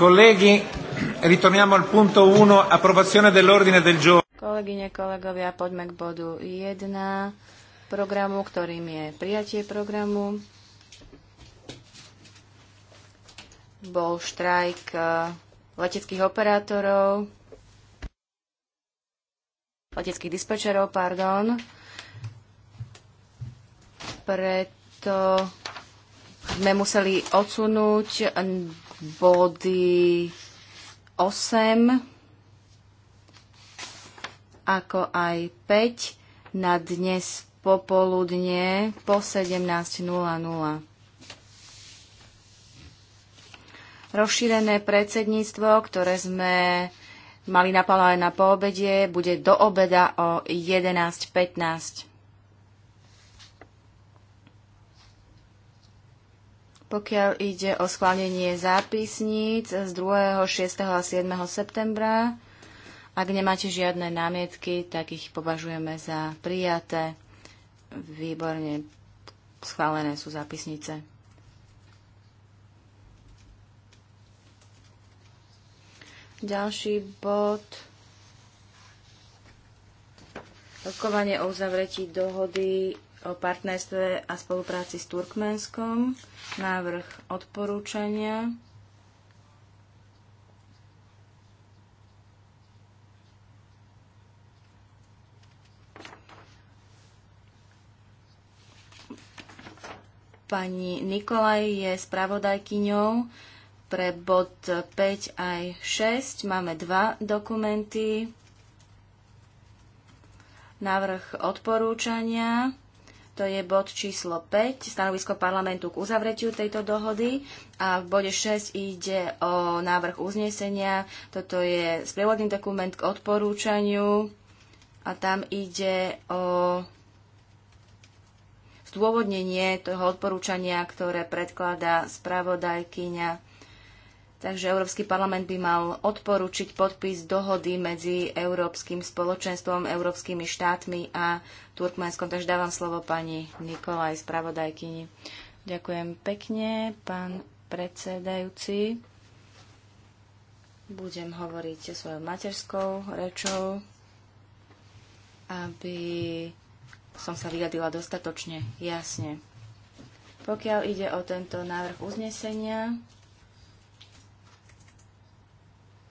Colleghi, ritorniamo al punto 1, approvazione dell'ordine del giorno. Kolegyne, kolegovia, poďme k bodu 1 programu, ktorým je prijatie programu. Bol štrajk e, leteckých operátorov, leteckých dispečerov, pardon. Preto sme museli odsunúť body 8 ako aj 5 na dnes popoludne po 17.00. Rozšírené predsedníctvo, ktoré sme mali naplánované na poobede, bude do obeda o 11.15. Pokiaľ ide o schválenie zápisníc z 2., 6. a 7. septembra, ak nemáte žiadne námietky, tak ich považujeme za prijaté. Výborne schválené sú zápisnice. Ďalší bod. Rokovanie o uzavretí dohody o partnerstve a spolupráci s Turkmenskom, návrh odporúčania. Pani Nikolaj je spravodajkyňou pre bod 5 aj 6. Máme dva dokumenty. Návrh odporúčania to je bod číslo 5, stanovisko parlamentu k uzavretiu tejto dohody a v bode 6 ide o návrh uznesenia, toto je sprievodný dokument k odporúčaniu a tam ide o zdôvodnenie toho odporúčania, ktoré predkladá spravodajkyňa Takže Európsky parlament by mal odporučiť podpis dohody medzi Európskym spoločenstvom, Európskymi štátmi a Turkmenskom. Takže dávam slovo pani Nikolaj, spravodajkyni. Ďakujem pekne, pán predsedajúci. Budem hovoriť svojou materskou rečou, aby som sa vyjadila dostatočne jasne. Pokiaľ ide o tento návrh uznesenia,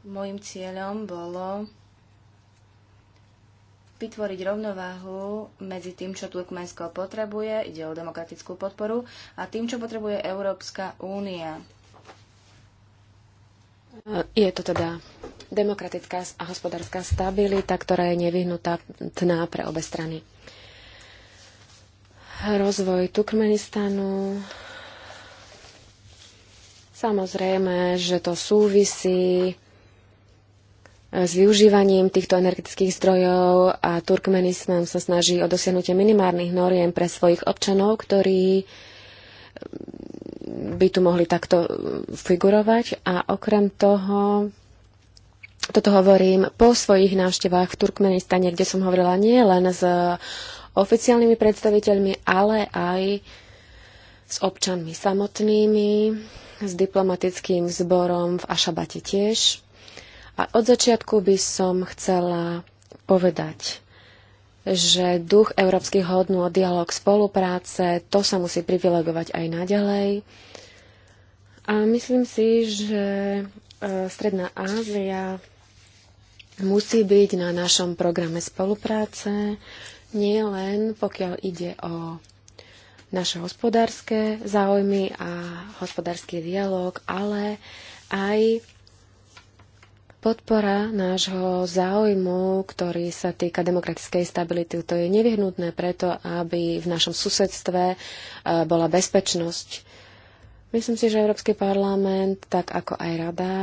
Mojím cieľom bolo vytvoriť rovnováhu medzi tým, čo Turkmensko potrebuje, ide o demokratickú podporu, a tým, čo potrebuje Európska únia. Je to teda demokratická a hospodárska stabilita, ktorá je nevyhnutná pre obe strany. Rozvoj Turkmenistanu. Samozrejme, že to súvisí s využívaním týchto energetických zdrojov a Turkmenistan sa snaží o dosiahnutie minimárnych noriem pre svojich občanov, ktorí mm, by tu mohli takto mm, figurovať. A okrem toho, toto hovorím po svojich návštevách v Turkmenistane, kde som hovorila nie len s oficiálnymi predstaviteľmi, ale aj s občanmi samotnými, s diplomatickým zborom v Ašabate tiež a od začiatku by som chcela povedať, že duch európskych hodnú dialog spolupráce, to sa musí privilegovať aj naďalej. A myslím si, že e, Stredná Ázia musí byť na našom programe spolupráce, nie len pokiaľ ide o naše hospodárske záujmy a hospodársky dialog, ale aj Podpora nášho záujmu, ktorý sa týka demokratickej stability, to je nevyhnutné preto, aby v našom susedstve e, bola bezpečnosť. Myslím si, že Európsky parlament, tak ako aj Rada,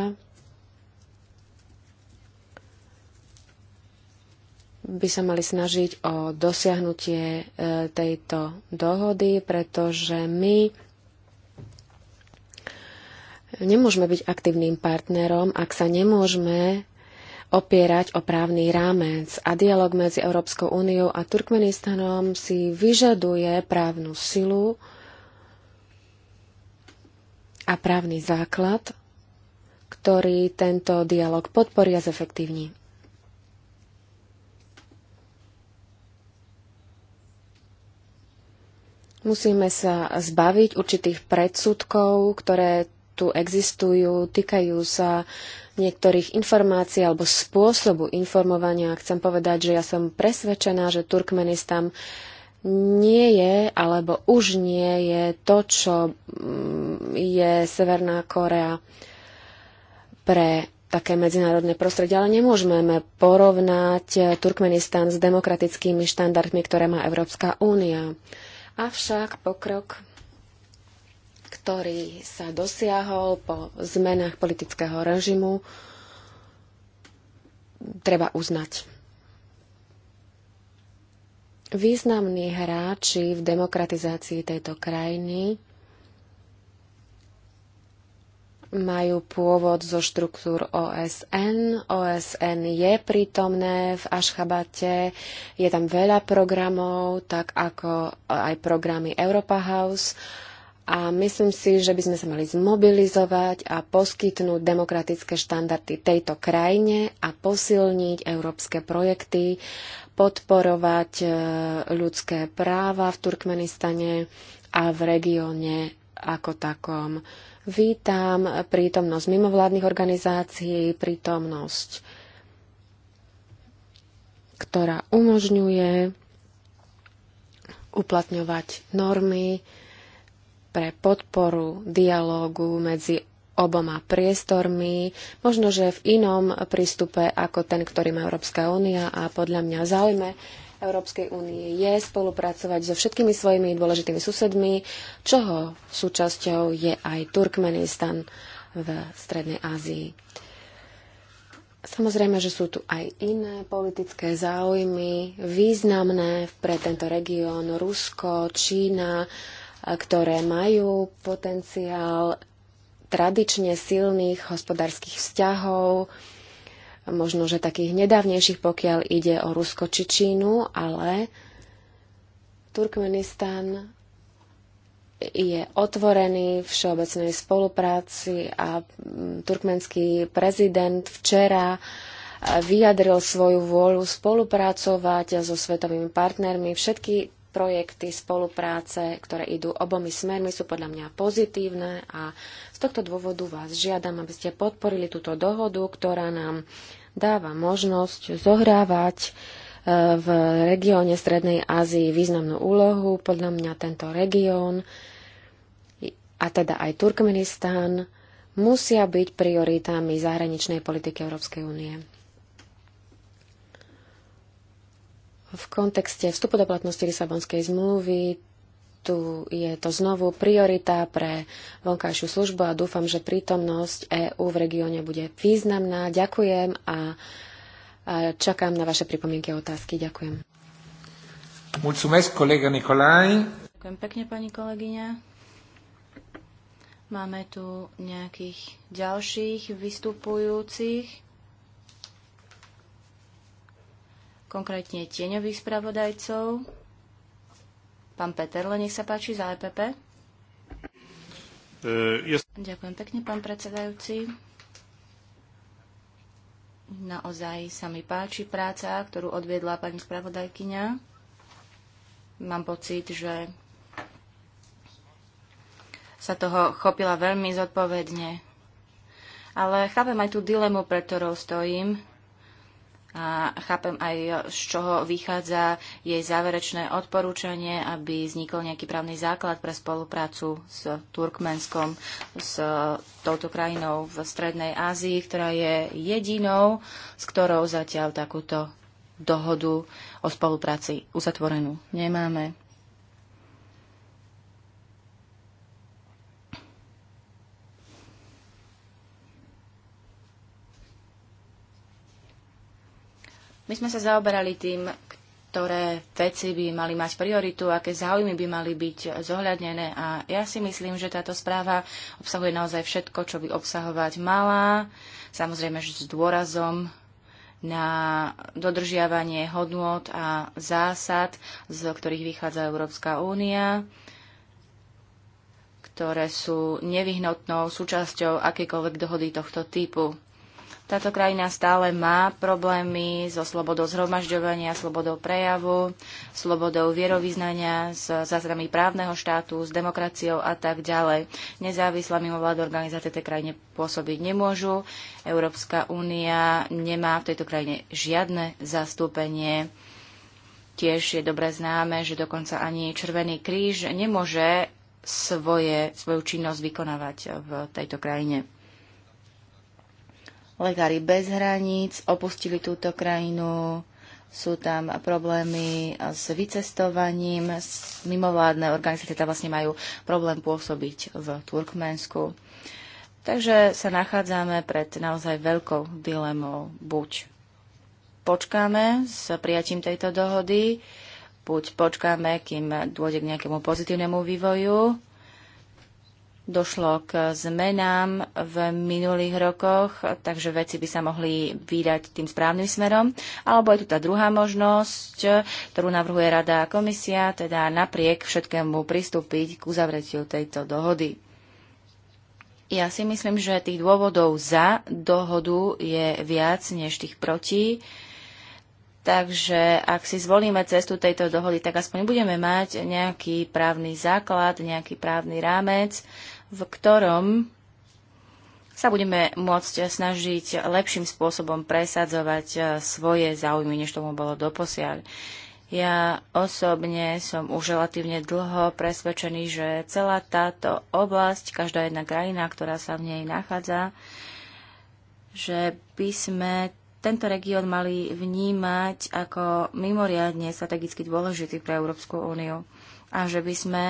by sa mali snažiť o dosiahnutie e, tejto dohody, pretože my Nemôžeme byť aktívnym partnerom, ak sa nemôžeme opierať o právny rámec a dialog medzi Európskou úniou a Turkmenistanom si vyžaduje právnu silu a právny základ, ktorý tento dialog podporí a zefektívni. Musíme sa zbaviť určitých predsudkov, ktoré tu existujú, týkajú sa niektorých informácií alebo spôsobu informovania. Chcem povedať, že ja som presvedčená, že Turkmenistan nie je alebo už nie je to, čo mm, je Severná Korea pre také medzinárodné prostredie, ale nemôžeme porovnať Turkmenistan s demokratickými štandardmi, ktoré má Európska únia. Avšak pokrok ktorý sa dosiahol po zmenách politického režimu, treba uznať. Významní hráči v demokratizácii tejto krajiny majú pôvod zo štruktúr OSN. OSN je prítomné v Ašchabate, je tam veľa programov, tak ako aj programy Europa House. Uh, a myslím si, že by sme sa mali zmobilizovať a poskytnúť demokratické štandardy tejto krajine a posilniť európske projekty, podporovať e, ľudské práva v Turkmenistane a v regióne ako takom. Vítam prítomnosť mimovládnych organizácií, prítomnosť, ktorá umožňuje uplatňovať normy, pre podporu dialógu medzi oboma priestormi, možno, že v inom prístupe ako ten, ktorý má Európska únia a podľa mňa záujme Európskej únie je spolupracovať so všetkými svojimi dôležitými susedmi, čoho súčasťou je aj Turkmenistan v Strednej Ázii. Samozrejme, že sú tu aj iné politické záujmy významné pre tento región. Rusko, Čína, ktoré majú potenciál tradične silných hospodárskych vzťahov, možno, že takých nedávnejších, pokiaľ ide o Rusko či Čínu, ale Turkmenistan je otvorený všeobecnej spolupráci a mm, turkmenský prezident včera vyjadril svoju vôľu spolupracovať so svetovými partnermi. Všetky projekty spolupráce, ktoré idú obomi smermi, sú podľa mňa pozitívne a z tohto dôvodu vás žiadam, aby ste podporili túto dohodu, ktorá nám dáva možnosť zohrávať e, v regióne Strednej Ázii významnú úlohu. Podľa mňa tento región a teda aj Turkmenistán musia byť prioritami zahraničnej politiky Európskej únie. V kontexte vstupu do platnosti Lisabonskej zmluvy tu je to znovu priorita pre vonkajšiu službu a dúfam, že prítomnosť EÚ v regióne bude významná. Ďakujem a, čakám na vaše pripomienky a otázky. Ďakujem. Mulțumesc, kolega Nikolaj. Ďakujem pekne, pani kolegyňa. Máme tu nejakých ďalších vystupujúcich. konkrétne tieňových spravodajcov. Pán Peterle, nech sa páči za EPP. Uh, yes. E, Ďakujem pekne, pán predsedajúci. Naozaj sa mi páči práca, ktorú odviedla pani spravodajkyňa. Mám pocit, že sa toho chopila veľmi zodpovedne. Ale chápem aj tú dilemu, pre ktorou stojím a chápem aj, z čoho vychádza jej záverečné odporúčanie, aby vznikol nejaký právny základ pre spoluprácu s Turkmenskom, s touto krajinou v Strednej Ázii, ktorá je jedinou, s ktorou zatiaľ takúto dohodu o spolupráci uzatvorenú nemáme. My sme sa zaoberali tým, ktoré veci by mali mať prioritu, aké záujmy by mali byť zohľadnené a ja si myslím, že táto správa obsahuje naozaj všetko, čo by obsahovať mala, samozrejme s dôrazom na dodržiavanie hodnôt a zásad, z ktorých vychádza Európska únia, ktoré sú nevyhnutnou súčasťou akejkoľvek dohody tohto typu. Táto krajina stále má problémy so slobodou zhromažďovania, slobodou prejavu, slobodou vierovýznania, s zásadami právneho štátu, s demokraciou a tak ďalej. Nezávislá mimovládne organizácie tej krajine pôsobiť nemôžu. Európska únia nemá v tejto krajine žiadne zastúpenie. Tiež je dobre známe, že dokonca ani Červený kríž nemôže svoje, svoju činnosť vykonávať v tejto krajine. Lekári bez hraníc opustili túto krajinu, sú tam problémy s vycestovaním, mimovládne organizácie tam teda vlastne majú problém pôsobiť v Turkmensku. Takže sa nachádzame pred naozaj veľkou dilemou. Buď počkáme s prijatím tejto dohody, buď počkáme, kým dôjde k nejakému pozitívnemu vývoju, Došlo k zmenám v minulých rokoch, takže veci by sa mohli vydať tým správnym smerom. Alebo je tu tá druhá možnosť, ktorú navrhuje Rada a komisia, teda napriek všetkému pristúpiť k uzavretiu tejto dohody. Ja si myslím, že tých dôvodov za dohodu je viac než tých proti. Takže ak si zvolíme cestu tejto dohody, tak aspoň budeme mať nejaký právny základ, nejaký právny rámec, v ktorom sa budeme môcť snažiť lepším spôsobom presadzovať e, svoje záujmy, než tomu bolo doposiaľ. Ja osobne som už relatívne dlho presvedčený, že celá táto oblasť, každá jedna krajina, ktorá sa v nej nachádza, že by sme tento región mali vnímať ako mimoriadne strategicky dôležitý pre Európsku úniu a že by sme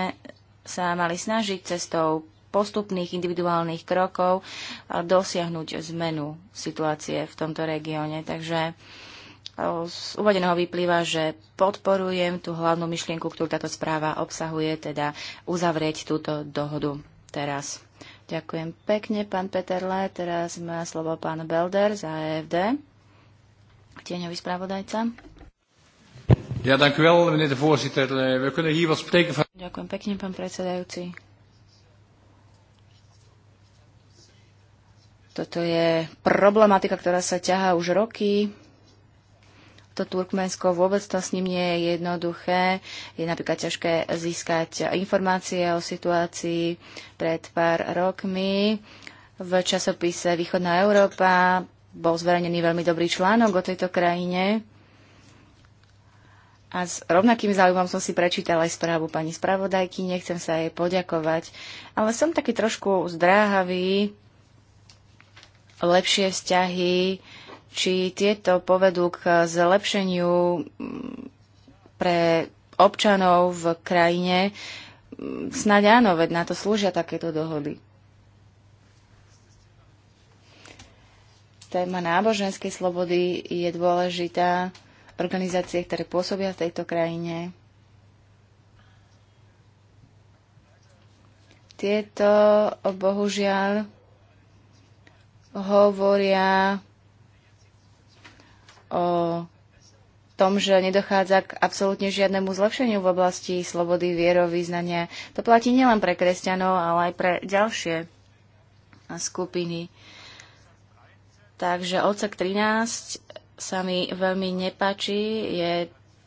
sa mali snažiť cestou postupných individuálnych krokov dosiahnuť zmenu situácie v tomto regióne. Takže e, z uvedeného vyplýva, že podporujem tú hlavnú myšlienku, ktorú táto správa obsahuje, teda uzavrieť túto dohodu teraz. Ďakujem pekne, pán Peterle. Teraz má slovo pán Belder za AFD, e tieňový spravodajca. Ja, eh, Ďakujem pekne, pán predsedajúci. Toto je problematika, ktorá sa ťahá už roky. To Turkmensko vôbec to s ním nie je jednoduché. Je napríklad ťažké získať informácie o situácii pred pár rokmi. V časopise Východná Európa bol zverejnený veľmi dobrý článok o tejto krajine. A s rovnakým záujmom som si prečítala aj správu pani spravodajky, nechcem sa jej poďakovať, ale som taký trošku zdráhavý, lepšie vzťahy, či tieto povedú k zlepšeniu mm, pre občanov v krajine. Mm, Snaď áno, veď na to slúžia takéto dohody. Téma náboženskej slobody je dôležitá. Organizácie, ktoré pôsobia v tejto krajine, tieto bohužiaľ hovoria o tom, že nedochádza k absolútne žiadnemu zlepšeniu v oblasti slobody vierovýznania. To platí nielen pre kresťanov, ale aj pre ďalšie skupiny. Takže odsek 13 sa mi veľmi nepáči. Je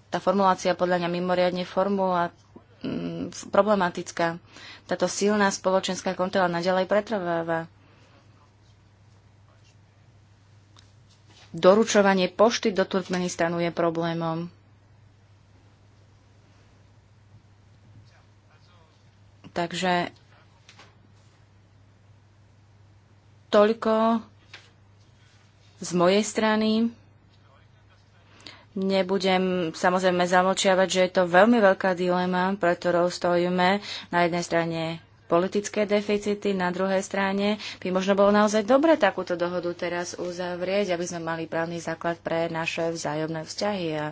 tá formulácia podľa mňa mimoriadne formula, mm, problematická. Táto silná spoločenská kontrola naďalej pretrváva. Doručovanie pošty do Turkmenistanu je problémom. Takže toľko z mojej strany. Nebudem samozrejme zamlčiavať, že je to veľmi veľká dilema, pre ktorou stojíme. Na jednej strane politické deficity. Na druhej strane by možno bolo naozaj dobre takúto dohodu teraz uzavrieť, aby sme mali právny základ pre naše vzájomné vzťahy a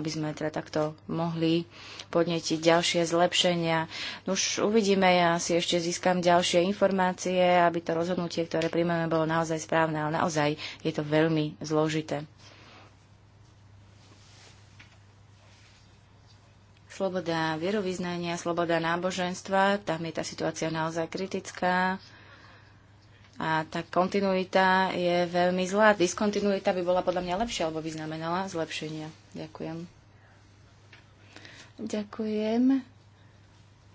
aby sme teda takto mohli podnetiť ďalšie zlepšenia. Už uvidíme, ja si ešte získam ďalšie informácie, aby to rozhodnutie, ktoré príjmeme, bolo naozaj správne, ale naozaj je to veľmi zložité. Sloboda vierovýznania, sloboda náboženstva, tam je tá situácia naozaj kritická. A tá kontinuita je veľmi zlá. Diskontinuita by bola podľa mňa lepšia, alebo by znamenala zlepšenia. Ďakujem. Ďakujem.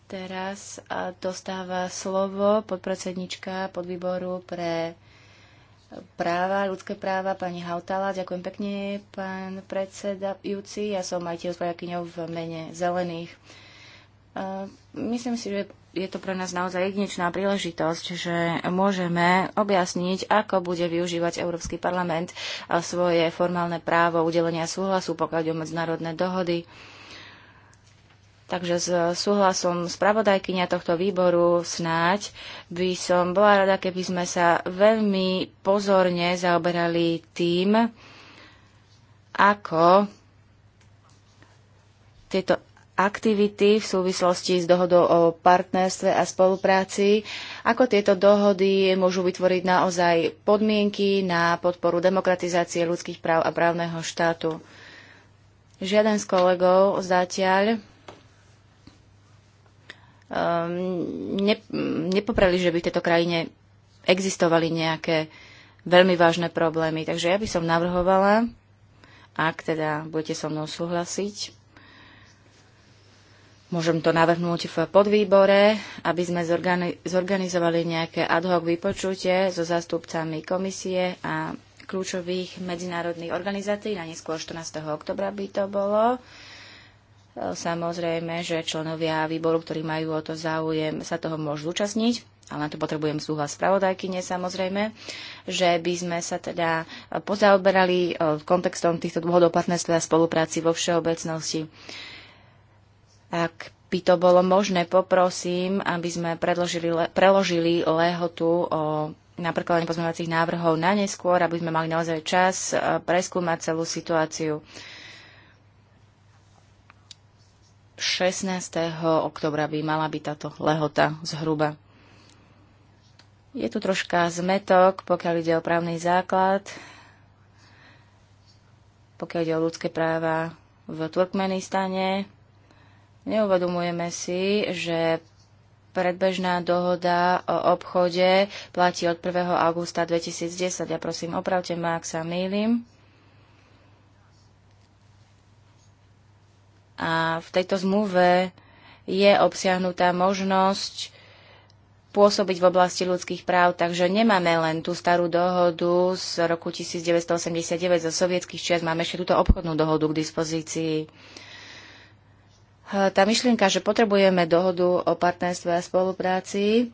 Teraz dostáva slovo podpredsednička podvýboru pre práva, ľudské práva, pani Hautala. Ďakujem pekne, pán predseda Júci. Ja som aj tiež v mene Zelených. Myslím si, že je to pre nás naozaj jedinečná príležitosť, že môžeme objasniť, ako bude využívať Európsky parlament svoje formálne právo udelenia súhlasu, pokiaľ o medzinárodné dohody Takže s súhlasom spravodajkynia tohto výboru snáď by som bola rada, keby sme sa veľmi pozorne zaoberali tým, ako tieto aktivity v súvislosti s dohodou o partnerstve a spolupráci, ako tieto dohody môžu vytvoriť naozaj podmienky na podporu demokratizácie ľudských práv a právneho štátu. Žiaden z kolegov zatiaľ Ehm, ne, nepopreli, že by v tejto krajine existovali nejaké veľmi vážne problémy. Takže ja by som navrhovala, ak teda budete so mnou súhlasiť, môžem to navrhnúť v podvýbore, aby sme zorgani- zorganizovali nejaké ad hoc vypočutie so zástupcami komisie a kľúčových medzinárodných organizácií, na neskôr 14. oktobra by to bolo, Samozrejme, že členovia výboru, ktorí majú o to záujem, sa toho môžu zúčastniť, ale na to potrebujem súhlas spravodajkyne samozrejme, že by sme sa teda pozaoberali e, kontextom týchto dôvodov partnerstva a spolupráci vo všeobecnosti. Ak by to bolo možné, poprosím, aby sme predložili, preložili lehotu o napríklad pozmeňovacích návrhov na neskôr, aby sme mali naozaj čas e, preskúmať celú situáciu. 16. oktobra by mala byť táto lehota zhruba. Je tu troška zmetok, pokiaľ ide o právny základ, pokiaľ ide o ľudské práva v Turkmenistane. Neuvedomujeme si, že predbežná dohoda o obchode platí od 1. augusta 2010. Ja prosím, opravte ma, ak sa mýlim. A v tejto zmluve je obsiahnutá možnosť pôsobiť v oblasti ľudských práv, takže nemáme len tú starú dohodu z roku 1989 zo sovietských čias, máme ešte túto obchodnú dohodu k dispozícii. Tá myšlienka, že potrebujeme dohodu o partnerstve a spolupráci,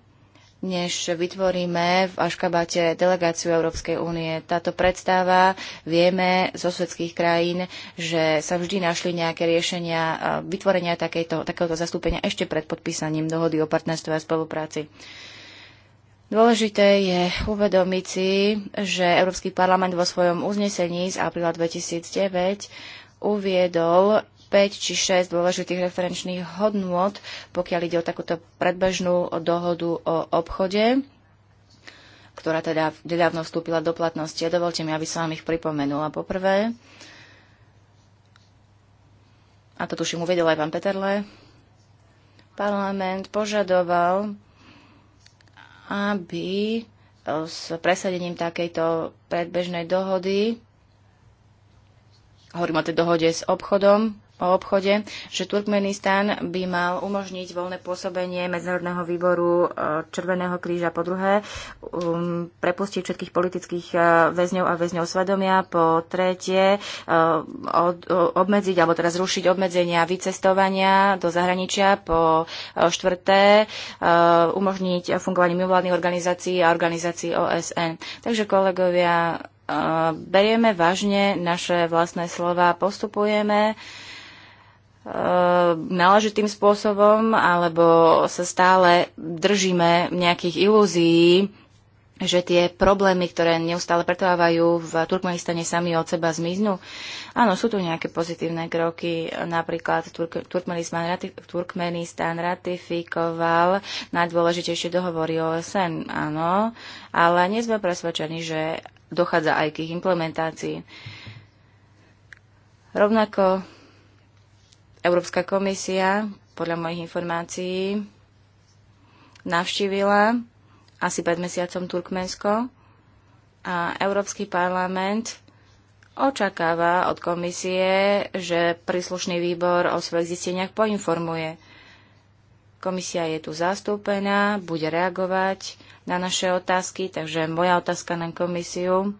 než vytvoríme v Aškabate delegáciu Európskej únie. Táto predstava vieme zo svetských krajín, že sa vždy našli nejaké riešenia vytvorenia takéto, takéhoto zastúpenia ešte pred podpísaním dohody o partnerstve a spolupráci. Dôležité je uvedomiť si, že Európsky parlament vo svojom uznesení z apríla 2009 uviedol, 5 či 6 dôležitých referenčných hodnôt, pokiaľ ide o takúto predbežnú dohodu o obchode ktorá teda nedávno vstúpila do platnosti. A dovolte mi, aby som vám ich pripomenula. Poprvé, a to tuším uvedel aj pán Peterle, parlament požadoval, aby e, s presadením takejto predbežnej dohody, hovorím o tej dohode s obchodom, o obchode, že Turkmenistan by mal umožniť voľné pôsobenie Medzinárodného výboru e, Červeného kríža po druhé, um, prepustiť všetkých politických e, väzňov a väzňov svedomia, po tretie um, od, obmedziť alebo teraz zrušiť obmedzenia vycestovania do zahraničia, po štvrté um, umožniť fungovanie mimovládnych organizácií a organizácií OSN. Takže kolegovia, berieme vážne naše vlastné slova, postupujeme. Uh, E, náležitým spôsobom, alebo sa stále držíme nejakých ilúzií, že tie problémy, ktoré neustále pretrvávajú v Turkmenistane, sami od seba zmiznú. Áno, sú tu nejaké pozitívne kroky. Napríklad Turk- Turkmenistan, ratif- Turkmenistan ratifikoval najdôležitejšie dohovory OSN, áno, ale nie sme presvedčení, že dochádza aj k ich implementácii. Rovnako Európska komisia, podľa mojich informácií, navštívila asi pred mesiacom Turkmensko a Európsky parlament očakáva od komisie, že príslušný výbor o svojich zisteniach poinformuje. Komisia je tu zastúpená, bude reagovať na naše otázky, takže moja otázka na komisiu.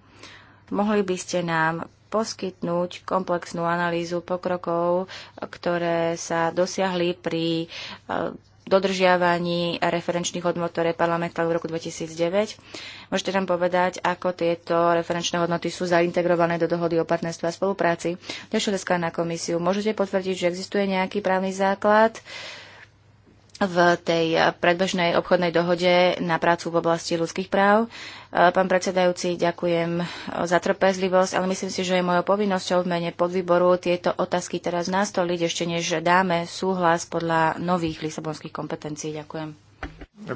Mohli by ste nám poskytnúť komplexnú analýzu pokrokov, ktoré sa dosiahli pri e, dodržiavaní referenčných hodnot, ktoré parlament v roku 2009. Môžete nám povedať, ako tieto referenčné hodnoty sú zaintegrované do dohody o partnerstve a spolupráci. Ďalšia otázka na komisiu. Môžete potvrdiť, že existuje nejaký právny základ, v tej predbežnej obchodnej dohode na prácu v oblasti ľudských práv. E, pán predsedajúci, ďakujem za trpezlivosť, ale myslím si, že je mojou povinnosťou v mene podvýboru tieto otázky teraz nastoliť, ešte než dáme súhlas podľa nových lisabonských kompetencií. Ďakujem. E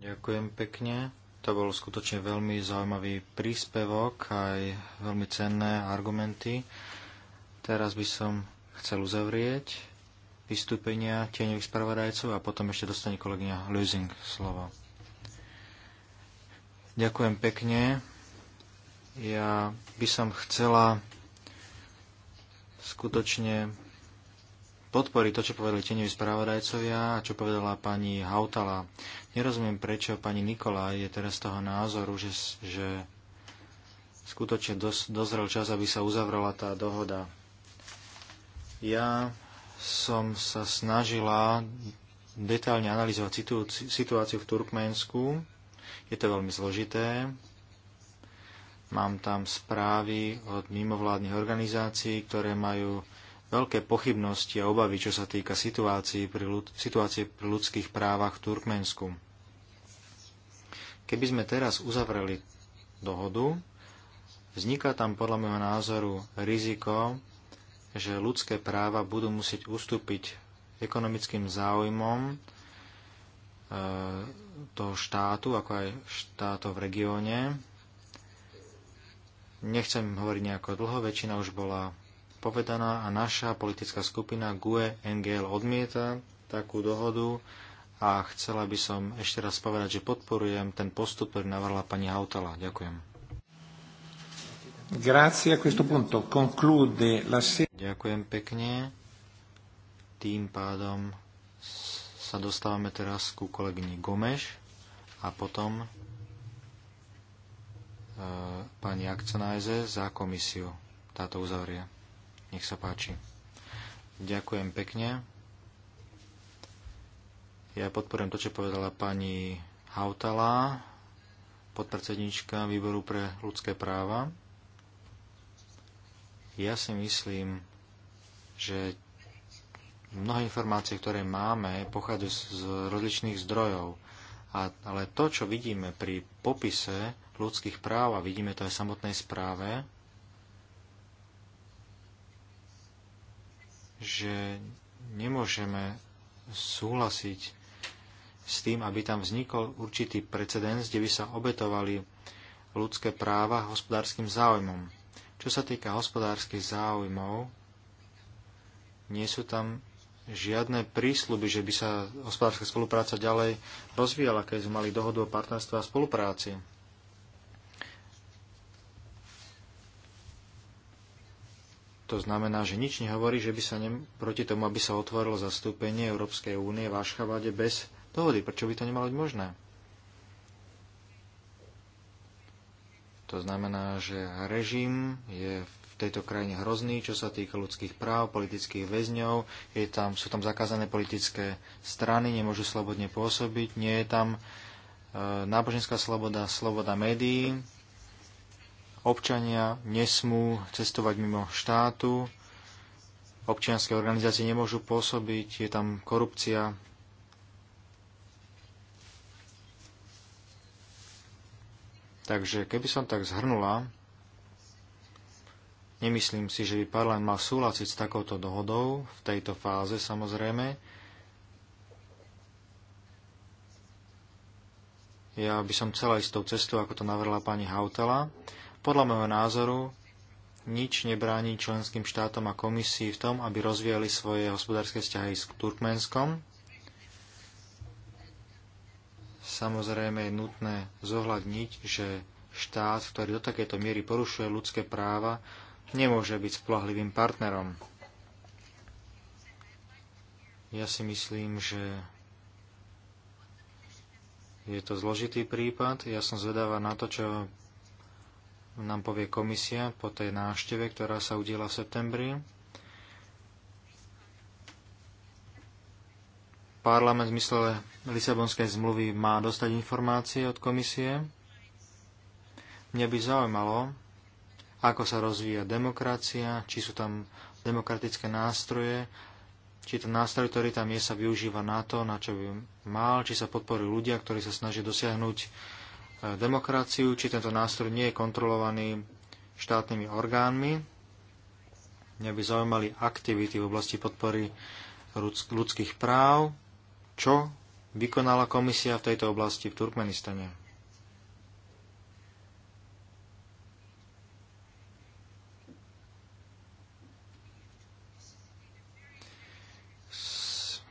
ďakujem pekne. To bol skutočne veľmi zaujímavý príspevok, aj veľmi cenné argumenty. Teraz by som chcel uzavrieť vystúpenia tieňových spravodajcov a potom ešte dostane kolegyňa Lusing slovo. Ďakujem pekne. Ja by som chcela skutočne podporiť to, čo povedali tieňoví spravodajcovia a čo povedala pani Hautala. Nerozumiem, prečo pani Nikola je teraz toho názoru, že, že skutočne dos, dozrel čas, aby sa uzavrela tá dohoda. Ja som sa snažila detálne analyzovať situáciu v Turkmensku. Je to veľmi zložité. Mám tam správy od mimovládnych organizácií, ktoré majú veľké pochybnosti a obavy, čo sa týka situácie pri, situácie pri ľudských právach v Turkmensku. Keby sme teraz uzavreli dohodu, vzniká tam podľa môjho názoru riziko, že ľudské práva budú musieť ustúpiť ekonomickým záujmom e, toho štátu, ako aj štáto v regióne. Nechcem hovoriť nejako dlho, väčšina už bola povedaná a naša politická skupina GUE NGL odmieta takú dohodu a chcela by som ešte raz povedať, že podporujem ten postup, ktorý navrhla pani Hautala. Ďakujem. Grazie a questo punto conclude la Ďakujem pekne. Tým pádom sa dostávame teraz ku kolegyni Gomeš a potom e, pani Akcenájze za komisiu. Táto uzavrie. Nech sa páči. Ďakujem pekne. Ja podporujem to, čo povedala pani Hautala, podpredsednička Výboru pre ľudské práva. Ja si myslím, že mnohé informácie, ktoré máme, pochádzajú z rozličných zdrojov. A, ale to, čo vidíme pri popise ľudských práv, a vidíme to aj v samotnej správe, že nemôžeme súhlasiť s tým, aby tam vznikol určitý precedens, kde by sa obetovali ľudské práva hospodárskym záujmom. Čo sa týka hospodárskych záujmov, nie sú tam žiadne prísľuby, že by sa hospodárska spolupráca ďalej rozvíjala, keď sme mali dohodu o partnerstve a spolupráci. To znamená, že nič nehovorí, že by sa ne, proti tomu, aby sa otvorilo zastúpenie Európskej únie v Ašchabade bez dohody. Prečo by to nemalo byť možné? To znamená, že režim je v tejto krajine hrozný, čo sa týka ľudských práv, politických väzňov. Je tam, sú tam zakázané politické strany, nemôžu slobodne pôsobiť, nie je tam e, náboženská sloboda, sloboda médií. Občania nesmú cestovať mimo štátu, občianské organizácie nemôžu pôsobiť, je tam korupcia, Takže keby som tak zhrnula, Nemyslím si, že by parlament mal súhlasiť s takouto dohodou v tejto fáze samozrejme. Ja by som chcela ísť tou cestou, ako to navrhla pani Hautala. Podľa môjho názoru nič nebráni členským štátom a komisii v tom, aby rozvíjali svoje hospodárske vzťahy s Turkmenskom. Samozrejme je nutné zohľadniť, že štát, ktorý do takejto miery porušuje ľudské práva, nemôže byť spolahlivým partnerom. Ja si myslím, že je to zložitý prípad. Ja som zvedáva na to, čo nám povie komisia po tej nášteve, ktorá sa udiela v septembri. Parlament v zmysle Lisabonskej zmluvy má dostať informácie od komisie. Mne by zaujímalo, ako sa rozvíja demokracia, či sú tam demokratické nástroje, či ten nástroj, ktorý tam je, sa využíva na to, na čo by mal, či sa podporujú ľudia, ktorí sa snažia dosiahnuť e, demokraciu, či tento nástroj nie je kontrolovaný štátnymi orgánmi. Mňa by zaujímali aktivity v oblasti podpory ľudských práv, čo vykonala komisia v tejto oblasti v Turkmenistane.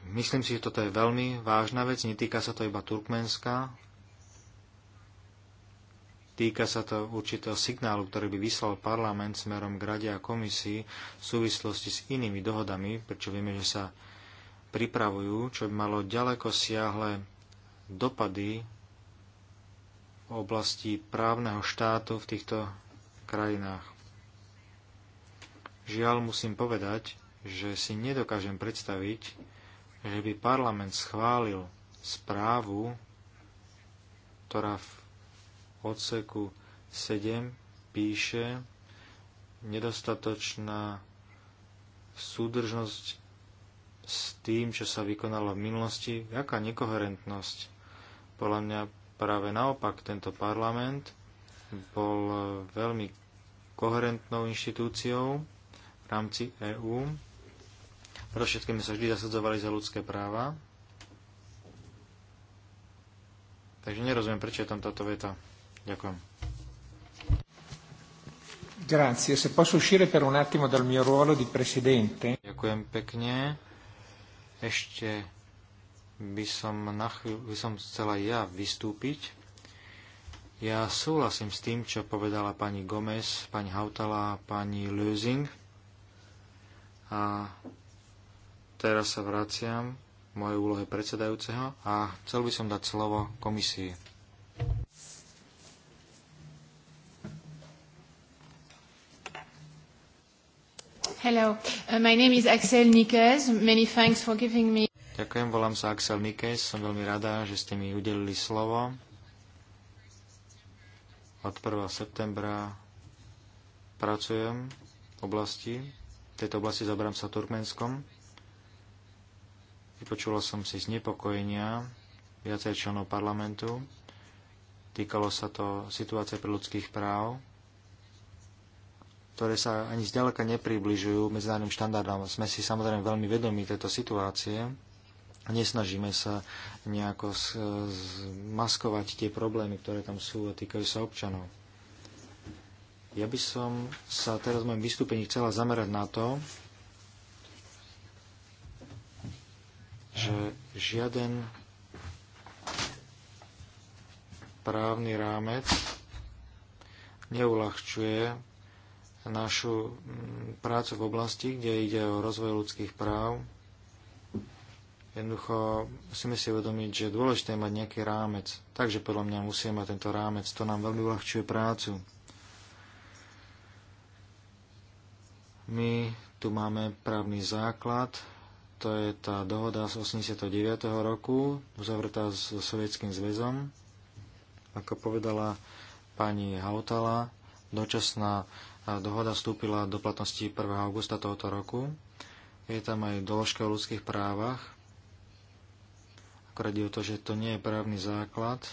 Myslím si, že toto je veľmi vážna vec, netýka sa to iba Turkmenska, týka sa to určitého signálu, ktorý by vyslal parlament smerom k rade a komisii v súvislosti s inými dohodami, prečo vieme, že sa pripravujú, čo by malo ďaleko siahle dopady v oblasti právneho štátu v týchto krajinách. Žiaľ musím povedať, že si nedokážem predstaviť, že by parlament schválil správu, ktorá v odseku 7 píše nedostatočná súdržnosť s tým, čo sa vykonalo v minulosti, aká nekoherentnosť. Podľa mňa práve naopak tento parlament bol veľmi koherentnou inštitúciou v rámci EÚ Predovšetkým sa vždy zasadzovali za ľudské práva. Takže nerozumiem, prečo je tam táto veta. Ďakujem. Grazie, se posso uscire per un attimo dal mio ruolo di presidente. Ďakujem pekne. Ešte by som, na chvíľu, by som chcela ja vystúpiť. Ja súhlasím s tým, čo povedala pani Gomez, pani Hautala, pani Lösing. A Teraz sa vraciam v mojej úlohe predsedajúceho a chcel by som dať slovo komisii. Hello, uh, my name is Axel Nikes. Many thanks for giving me... Ďakujem, volám sa Axel Nikes. Som veľmi rada, že ste mi udelili slovo. Od 1. septembra pracujem v oblasti, v tejto oblasti zabrám sa Turkmenskom. Vypočula som si znepokojenia viacej členov parlamentu. Týkalo sa to situácie pre ľudských práv, ktoré sa ani zďaleka nepribližujú medzinárodným štandardom. Sme si samozrejme veľmi vedomi tejto situácie. Nesnažíme sa nejako maskovať tie problémy, ktoré tam sú a týkajú sa občanov. Ja by som sa teraz v mojom vystúpení chcela zamerať na to, že žiaden právny rámec neulahčuje našu mm, prácu v oblasti, kde ide o rozvoj ľudských práv. Jednoducho musíme si uvedomiť, že je dôležité mať nejaký rámec. Takže podľa mňa musíme mať tento rámec. To nám veľmi uľahčuje prácu. My tu máme právny základ, to je tá dohoda z 89. roku, uzavretá s Sovietským zväzom. Ako povedala pani Hautala, dočasná dohoda vstúpila do platnosti 1. augusta tohoto roku. Je tam aj doložka o ľudských právach. Akorát je to, že to nie je právny základ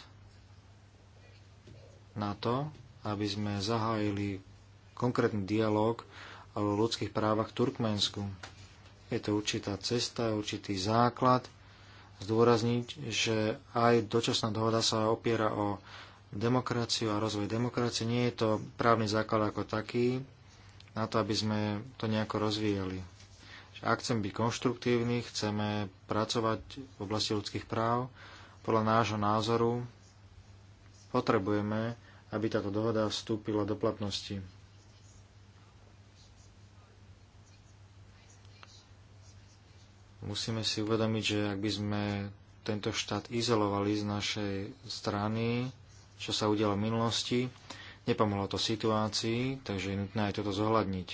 na to, aby sme zahájili konkrétny dialog o ľudských právach v Turkmensku je to určitá cesta, určitý základ. Zdôrazniť, že aj dočasná dohoda sa opiera o demokraciu a rozvoj demokracie. Nie je to právny základ ako taký na to, aby sme to nejako rozvíjali. Ak chcem byť konštruktívny, chceme pracovať v oblasti ľudských práv, podľa nášho názoru potrebujeme, aby táto dohoda vstúpila do platnosti. Musíme si uvedomiť, že ak by sme tento štát izolovali z našej strany, čo sa udialo v minulosti, nepomohlo to situácii, takže je nutné aj toto zohľadniť.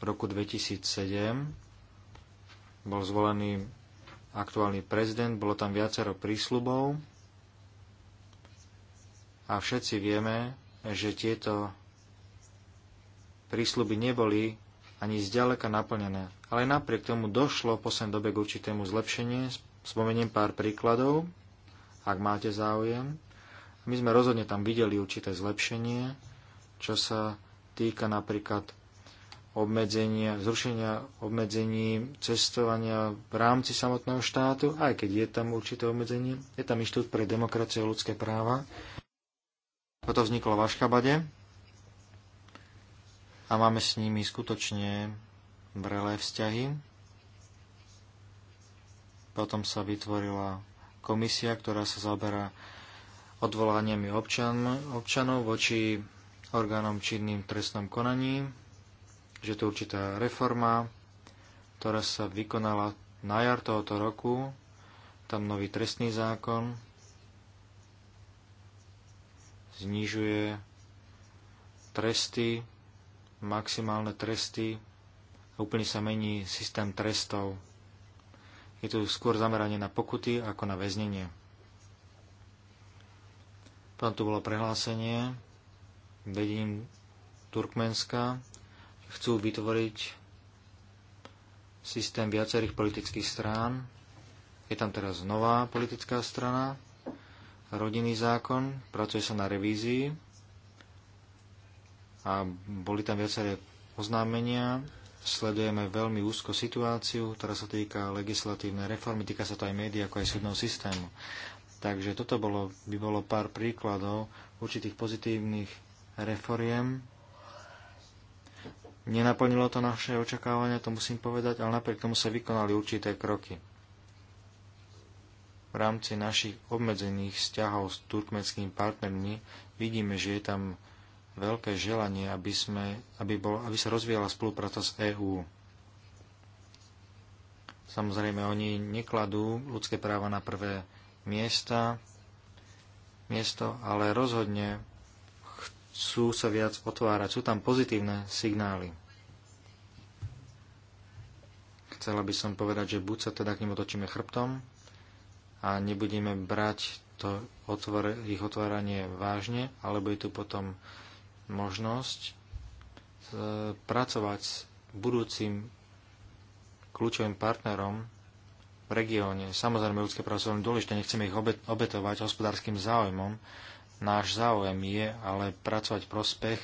V roku 2007 bol zvolený aktuálny prezident, bolo tam viacero prísľubov a všetci vieme, že tieto prísľuby neboli ani zďaleka naplnené. Ale napriek tomu došlo v poslednej dobe k určitému zlepšení, Spomeniem pár príkladov, ak máte záujem. My sme rozhodne tam videli určité zlepšenie, čo sa týka napríklad obmedzenia, zrušenia obmedzení cestovania v rámci samotného štátu, aj keď je tam určité obmedzenie. Je tam Inštitút pre demokraciu a ľudské práva. Toto vzniklo v Aškabade, a máme s nimi skutočne brelé vzťahy. Potom sa vytvorila komisia, ktorá sa zaoberá odvolaniami občan, občanov voči orgánom činným trestnom konaní, že to je určitá reforma, ktorá sa vykonala na jar tohoto roku, tam nový trestný zákon znižuje tresty maximálne tresty a úplne sa mení systém trestov. Je tu skôr zameranie na pokuty ako na väznenie. Potom tu bolo prehlásenie vedením Turkmenska. Chcú vytvoriť systém viacerých politických strán. Je tam teraz nová politická strana, rodinný zákon, pracuje sa na revízii a boli tam viaceré oznámenia. Sledujeme veľmi úzko situáciu, ktorá sa týka legislatívnej reformy, týka sa to aj médií, ako aj súdneho systému. Takže toto bolo, by bolo pár príkladov určitých pozitívnych reforiem. Nenaplnilo to naše očakávania, to musím povedať, ale napriek tomu sa vykonali určité kroky. V rámci našich obmedzených vzťahov s turkmenskými partnermi vidíme, že je tam veľké želanie, aby, sme, aby, bol, aby sa rozvíjala spolupráca s EÚ. Samozrejme, oni nekladú ľudské práva na prvé miesta, miesto, ale rozhodne chcú sa viac otvárať. Sú tam pozitívne signály. Chcela by som povedať, že buď sa teda k nim otočíme chrbtom a nebudeme brať to otvor, ich otváranie vážne, alebo je tu potom možnosť e, pracovať s budúcim kľúčovým partnerom v regióne. Samozrejme, ľudské práva sú veľmi dôležité, nechceme ich obetovať hospodárskym záujmom. Náš záujem je ale pracovať prospech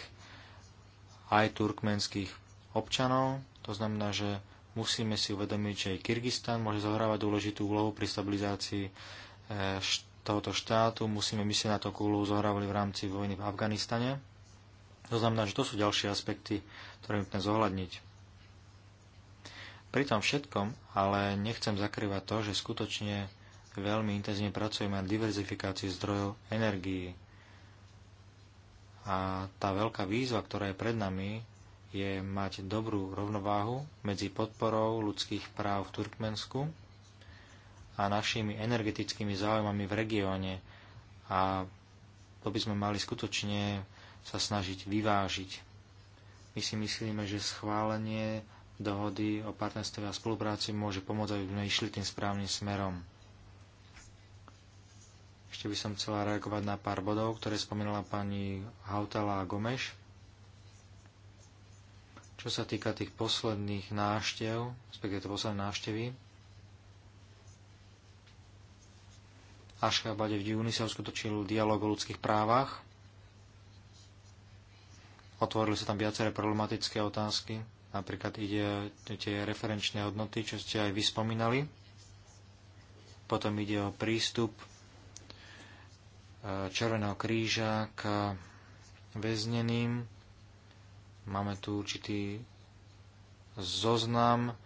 aj turkmenských občanov. To znamená, že musíme si uvedomiť, že aj Kyrgyzstan môže zohrávať dôležitú úlohu pri stabilizácii e, tohoto štátu. Musíme myslieť na to, akú úlohu zohrávali v rámci vojny v Afganistane. To znamená, že to sú ďalšie aspekty, ktoré nutné zohľadniť. Pri tom všetkom ale nechcem zakrývať to, že skutočne veľmi intenzívne pracujeme na diverzifikácii zdrojov energií. A tá veľká výzva, ktorá je pred nami, je mať dobrú rovnováhu medzi podporou ľudských práv v Turkmensku a našimi energetickými záujmami v regióne. A to by sme mali skutočne sa snažiť vyvážiť. My si myslíme, že schválenie dohody o partnerstve a spolupráci môže pomôcť, aby sme išli tým správnym smerom. Ešte by som chcela reagovať na pár bodov, ktoré spomínala pani Hautala a Gomeš. Čo sa týka tých posledných náštev, respektíve to posledné náštevy, Ašchabade v júni sa uskutočil dialog o ľudských právach. Otvorili sa tam viaceré problematické otázky, napríklad ide tie referenčné hodnoty, čo ste aj vyspomínali. Potom ide o prístup e, Červeného kríža k väzneným. Máme tu určitý zoznam,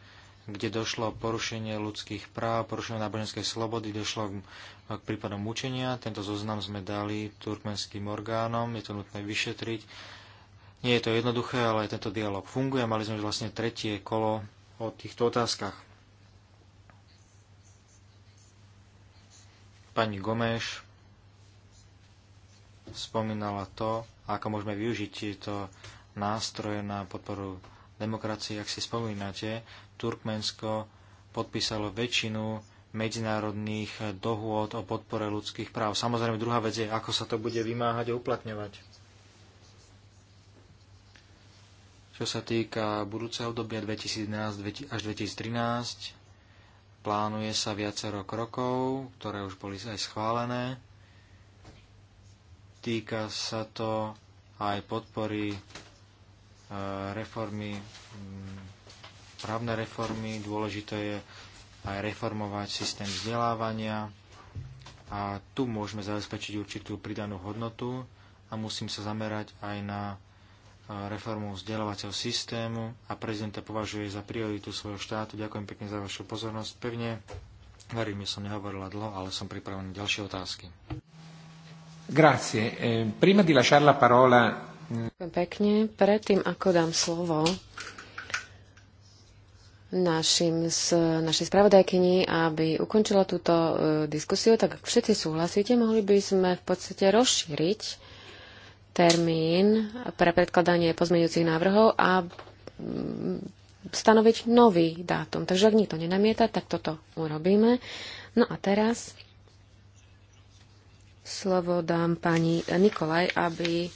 kde došlo porušenie ľudských práv, porušenie náboženskej slobody, došlo k prípadom mučenia. Tento zoznam sme dali turkmenským orgánom, je to nutné vyšetriť nie je to jednoduché, ale tento dialog funguje. Mali sme už vlastne tretie kolo o týchto otázkach. Pani Gomeš spomínala to, ako môžeme využiť tieto nástroje na podporu demokracie. Ak si spomínate, Turkmensko podpísalo väčšinu medzinárodných dohôd o podpore ľudských práv. Samozrejme, druhá vec je, ako sa to bude vymáhať a uplatňovať. Čo sa týka budúceho obdobia 2011 až 2013, plánuje sa viacero krokov, ktoré už boli aj schválené. Týka sa to aj podpory e, reformy, mm, právne reformy. Dôležité je aj reformovať systém vzdelávania a tu môžeme zabezpečiť určitú pridanú hodnotu a musím sa zamerať aj na reformu vzdelávacieho systému a prezidenta považuje za prioritu svojho štátu. Ďakujem pekne za vašu pozornosť. Pevne verím, že som nehovorila dlho, ale som pripravený ďalšie otázky. Grazie. Eh, prima di la parola... Mm, pekne. Predtým, ako dám slovo našim, našej spravodajkyni, aby ukončila túto eh, diskusiu, tak ak všetci súhlasíte, mohli by sme v podstate rozšíriť termín pre predkladanie pozmeňujúcich návrhov a mm, stanoviť nový dátum. Takže ak nikto nenamieta, tak toto urobíme. No a teraz slovo dám pani Nikolaj, aby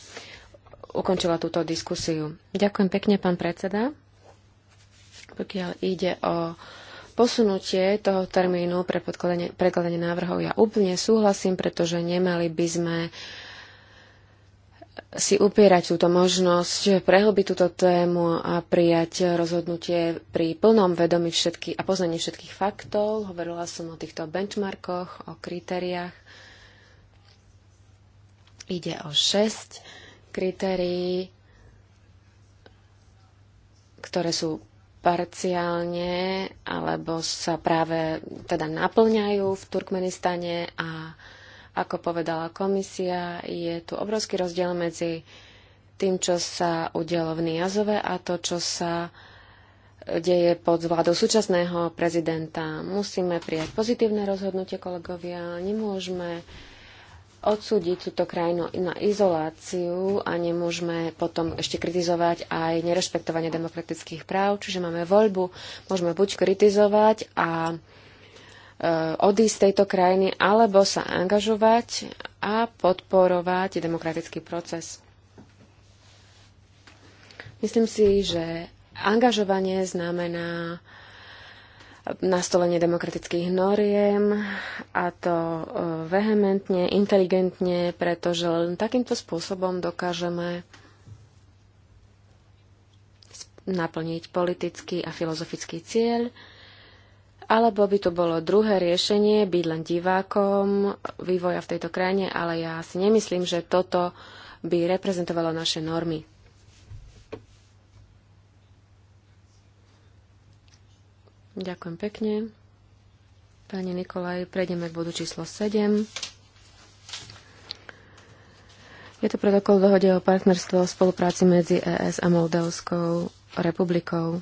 ukončila túto diskusiu. Ďakujem pekne, pán predseda. Pokiaľ ide o posunutie toho termínu pre predkladanie návrhov, ja úplne súhlasím, pretože nemali by sme uh, si upierať túto možnosť, prehlbiť túto tému a prijať rozhodnutie pri plnom vedomí všetky a poznaní všetkých faktov. Hovorila som o týchto benchmarkoch, o kritériách. Ide o 6 kritérií, ktoré sú parciálne alebo sa práve teda naplňajú v Turkmenistane a ako povedala komisia, je tu obrovský rozdiel medzi tým, čo sa udialo v Niazove a to, čo sa deje pod vládou súčasného prezidenta. Musíme prijať pozitívne rozhodnutie, kolegovia. Nemôžeme odsúdiť túto krajinu na izoláciu a nemôžeme potom ešte kritizovať aj nerešpektovanie demokratických práv. Čiže máme voľbu, môžeme buď kritizovať a Eh, odísť z tejto krajiny alebo sa angažovať a podporovať demokratický proces. Myslím si, že angažovanie znamená nastolenie demokratických noriem a to eh, vehementne, inteligentne, pretože len takýmto spôsobom dokážeme naplniť politický a filozofický cieľ, alebo by to bolo druhé riešenie, byť len divákom vývoja v tejto krajine, ale ja si nemyslím, že toto by reprezentovalo naše normy. Ďakujem pekne. Pani Nikolaj, prejdeme k bodu číslo 7. Je to protokol dohode o partnerstvo o spolupráci medzi ES a Moldavskou republikou.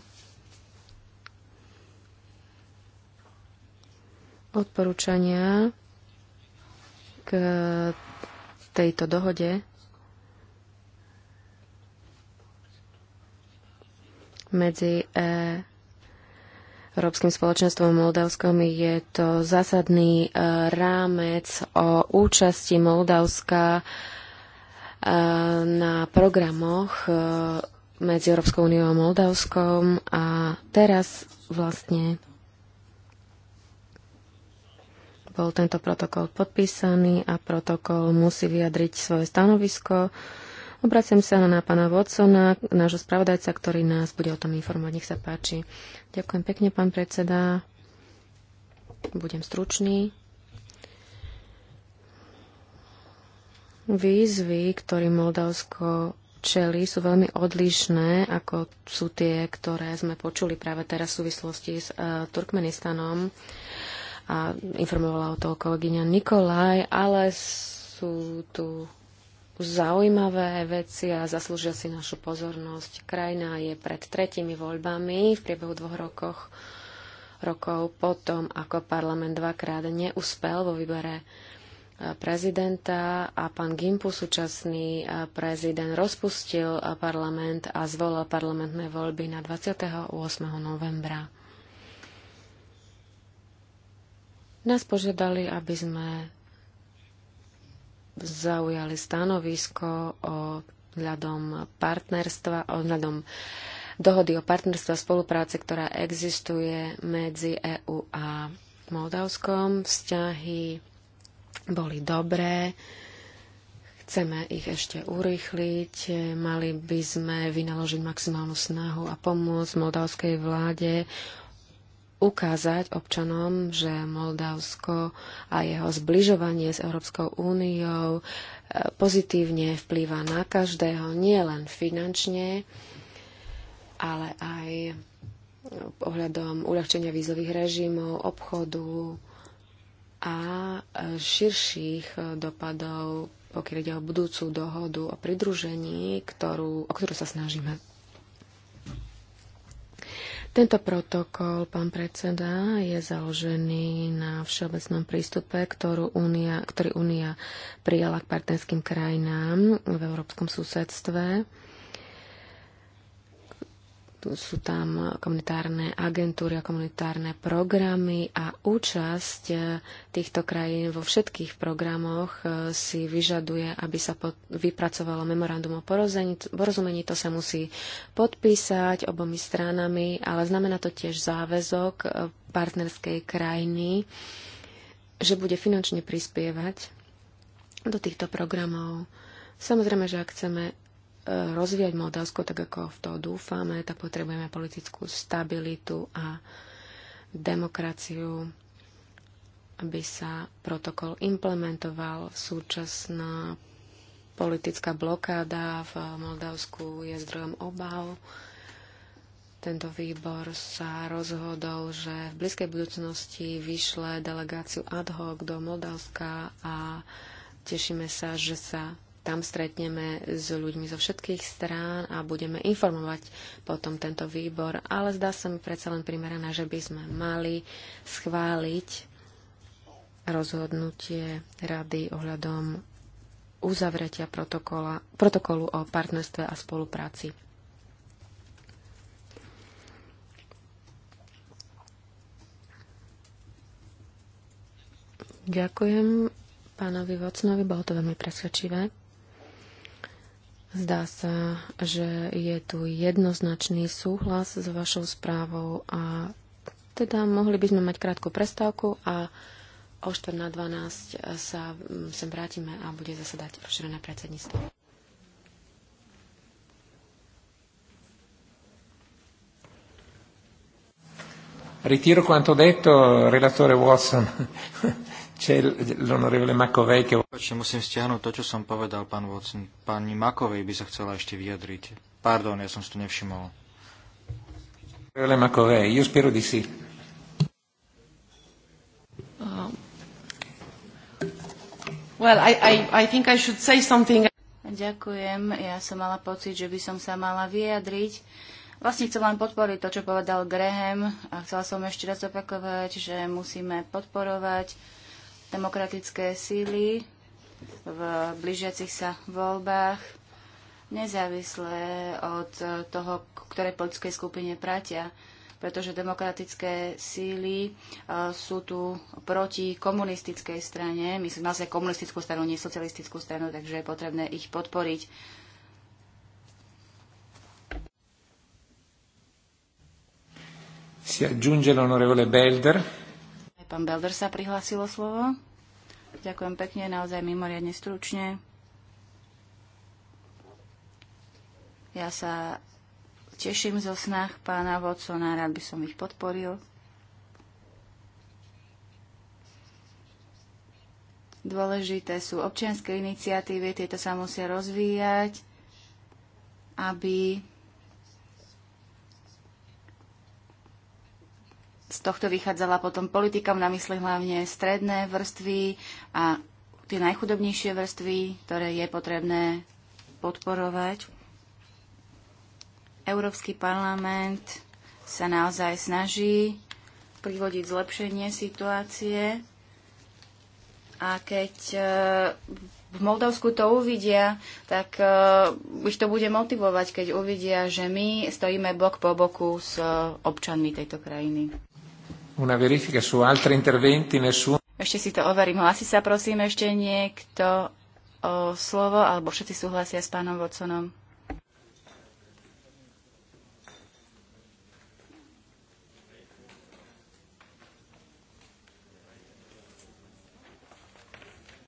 odporúčania k tejto dohode medzi e, Európskym spoločenstvom Moldavskom je to zásadný e, rámec o účasti Moldavska e, na programoch medzi Európskou úniou a Moldavskom a teraz vlastne bol tento protokol podpísaný a protokol musí vyjadriť svoje stanovisko. Obracem sa na pána Watsona, nášho spravodajca, ktorý nás bude o tom informovať. Nech sa páči. Ďakujem pekne, pán predseda. Budem stručný. Výzvy, ktorým Moldavsko čeli, sú veľmi odlišné, ako sú tie, ktoré sme počuli práve teraz v súvislosti s uh, Turkmenistanom. Uh, a informovala o toho kolegyňa Nikolaj, ale sú tu zaujímavé veci a zaslúžia si našu pozornosť. Krajina je pred tretími voľbami v priebehu dvoch rokoch, rokov potom, ako parlament dvakrát neúspel vo výbere e, prezidenta a pán Gimpu, súčasný e, prezident, rozpustil e, parlament a zvolal parlamentné voľby na 28. novembra. nás požiadali, aby sme zaujali stanovisko o hľadom partnerstva, o hľadom dohody o partnerstva a spolupráce, ktorá existuje medzi EU a Moldavskom. Vzťahy boli dobré, chceme ich ešte urýchliť, mali by sme vynaložiť maximálnu snahu a pomôcť moldavskej vláde ukázať občanom, že Moldavsko a jeho zbližovanie s Európskou úniou e, pozitívne vplýva na každého, nielen finančne, ale aj ohľadom uľahčenia vízových režimov, obchodu a e, širších e, dopadov, pokiaľ ide o budúcu dohodu o pridružení, ktorú, o ktorú sa snažíme. Tento protokol, pán predseda, je založený na všeobecnom prístupe, ktorú Unia, ktorý Únia prijala k partnerským krajinám v európskom susedstve. Tu sú tam komunitárne agentúry a komunitárne programy a účasť eh, týchto krajín vo všetkých programoch eh, si vyžaduje, aby sa vypracovalo memorandum o porozumení. To sa musí podpísať obomi stranami, ale znamená to tiež záväzok eh, partnerskej krajiny, že bude finančne prispievať do týchto programov. Samozrejme, že ak chceme Eh, rozvíjať Moldavsko tak, ako v to dúfame, tak potrebujeme politickú stabilitu a demokraciu, aby sa protokol implementoval. Súčasná politická blokáda v Moldavsku je zdrojom obav. Tento výbor sa rozhodol, že v blízkej budúcnosti vyšle delegáciu ad hoc do Moldavska a tešíme sa, že sa tam stretneme s ľuďmi zo všetkých strán a budeme informovať potom tento výbor, ale zdá sa mi predsa len primeraná, že by sme mali schváliť rozhodnutie rady ohľadom uzavretia protokolu o partnerstve a spolupráci. Ďakujem pánovi Vocnovi, bolo to veľmi presvedčivé. Zdá sa, že je tu jednoznačný súhlas s vašou správou a teda mohli by sme mať krátku prestávku a o 4 sa mm, sem vrátime a bude zasadať rozšírené predsedníctvo. Ritiro quanto detto, relatore Watson. musím stiahnuť to, čo som povedal, pán Vocn. Pani Makovej by sa chcela ešte vyjadriť. Pardon, ja som si to nevšimol. Makovej, io spero di sì. Um, well, I, I, I think I should say something. Ďakujem. Ja som mala pocit, že by som sa mala vyjadriť. Vlastne chcem len podporiť to, čo povedal Graham a chcela som ešte raz opakovať, že musíme podporovať demokratické síly v blížiacich sa voľbách, nezávisle od toho, ktoré politickej skupine pratia, pretože demokratické síly e, sú tu proti komunistickej strane. My sme naozaj komunistickú stranu, nie socialistickú stranu, takže je potrebné ich podporiť. Si aggiunge l'onorevole Belder. Pán Belder sa prihlásilo slovo. Ďakujem pekne, naozaj mimoriadne stručne. Ja sa teším zo snah pána vodcona, rád by som ich podporil. Dôležité sú občianské iniciatívy, tieto sa musia rozvíjať, aby Z tohto vychádzala potom politikom na mysli hlavne stredné vrstvy a tie najchudobnejšie vrstvy, ktoré je potrebné podporovať. Európsky parlament sa naozaj snaží privodiť zlepšenie situácie a keď eh, v Moldavsku to uvidia, tak ich eh, to bude motivovať, keď uvidia, že my stojíme bok po boku s eh, občanmi tejto krajiny una verifica su altri interventi, nessuno. Ešte si to overím. Hlasí sa prosím ešte niekto o slovo, alebo všetci súhlasia s pánom Vodsonom?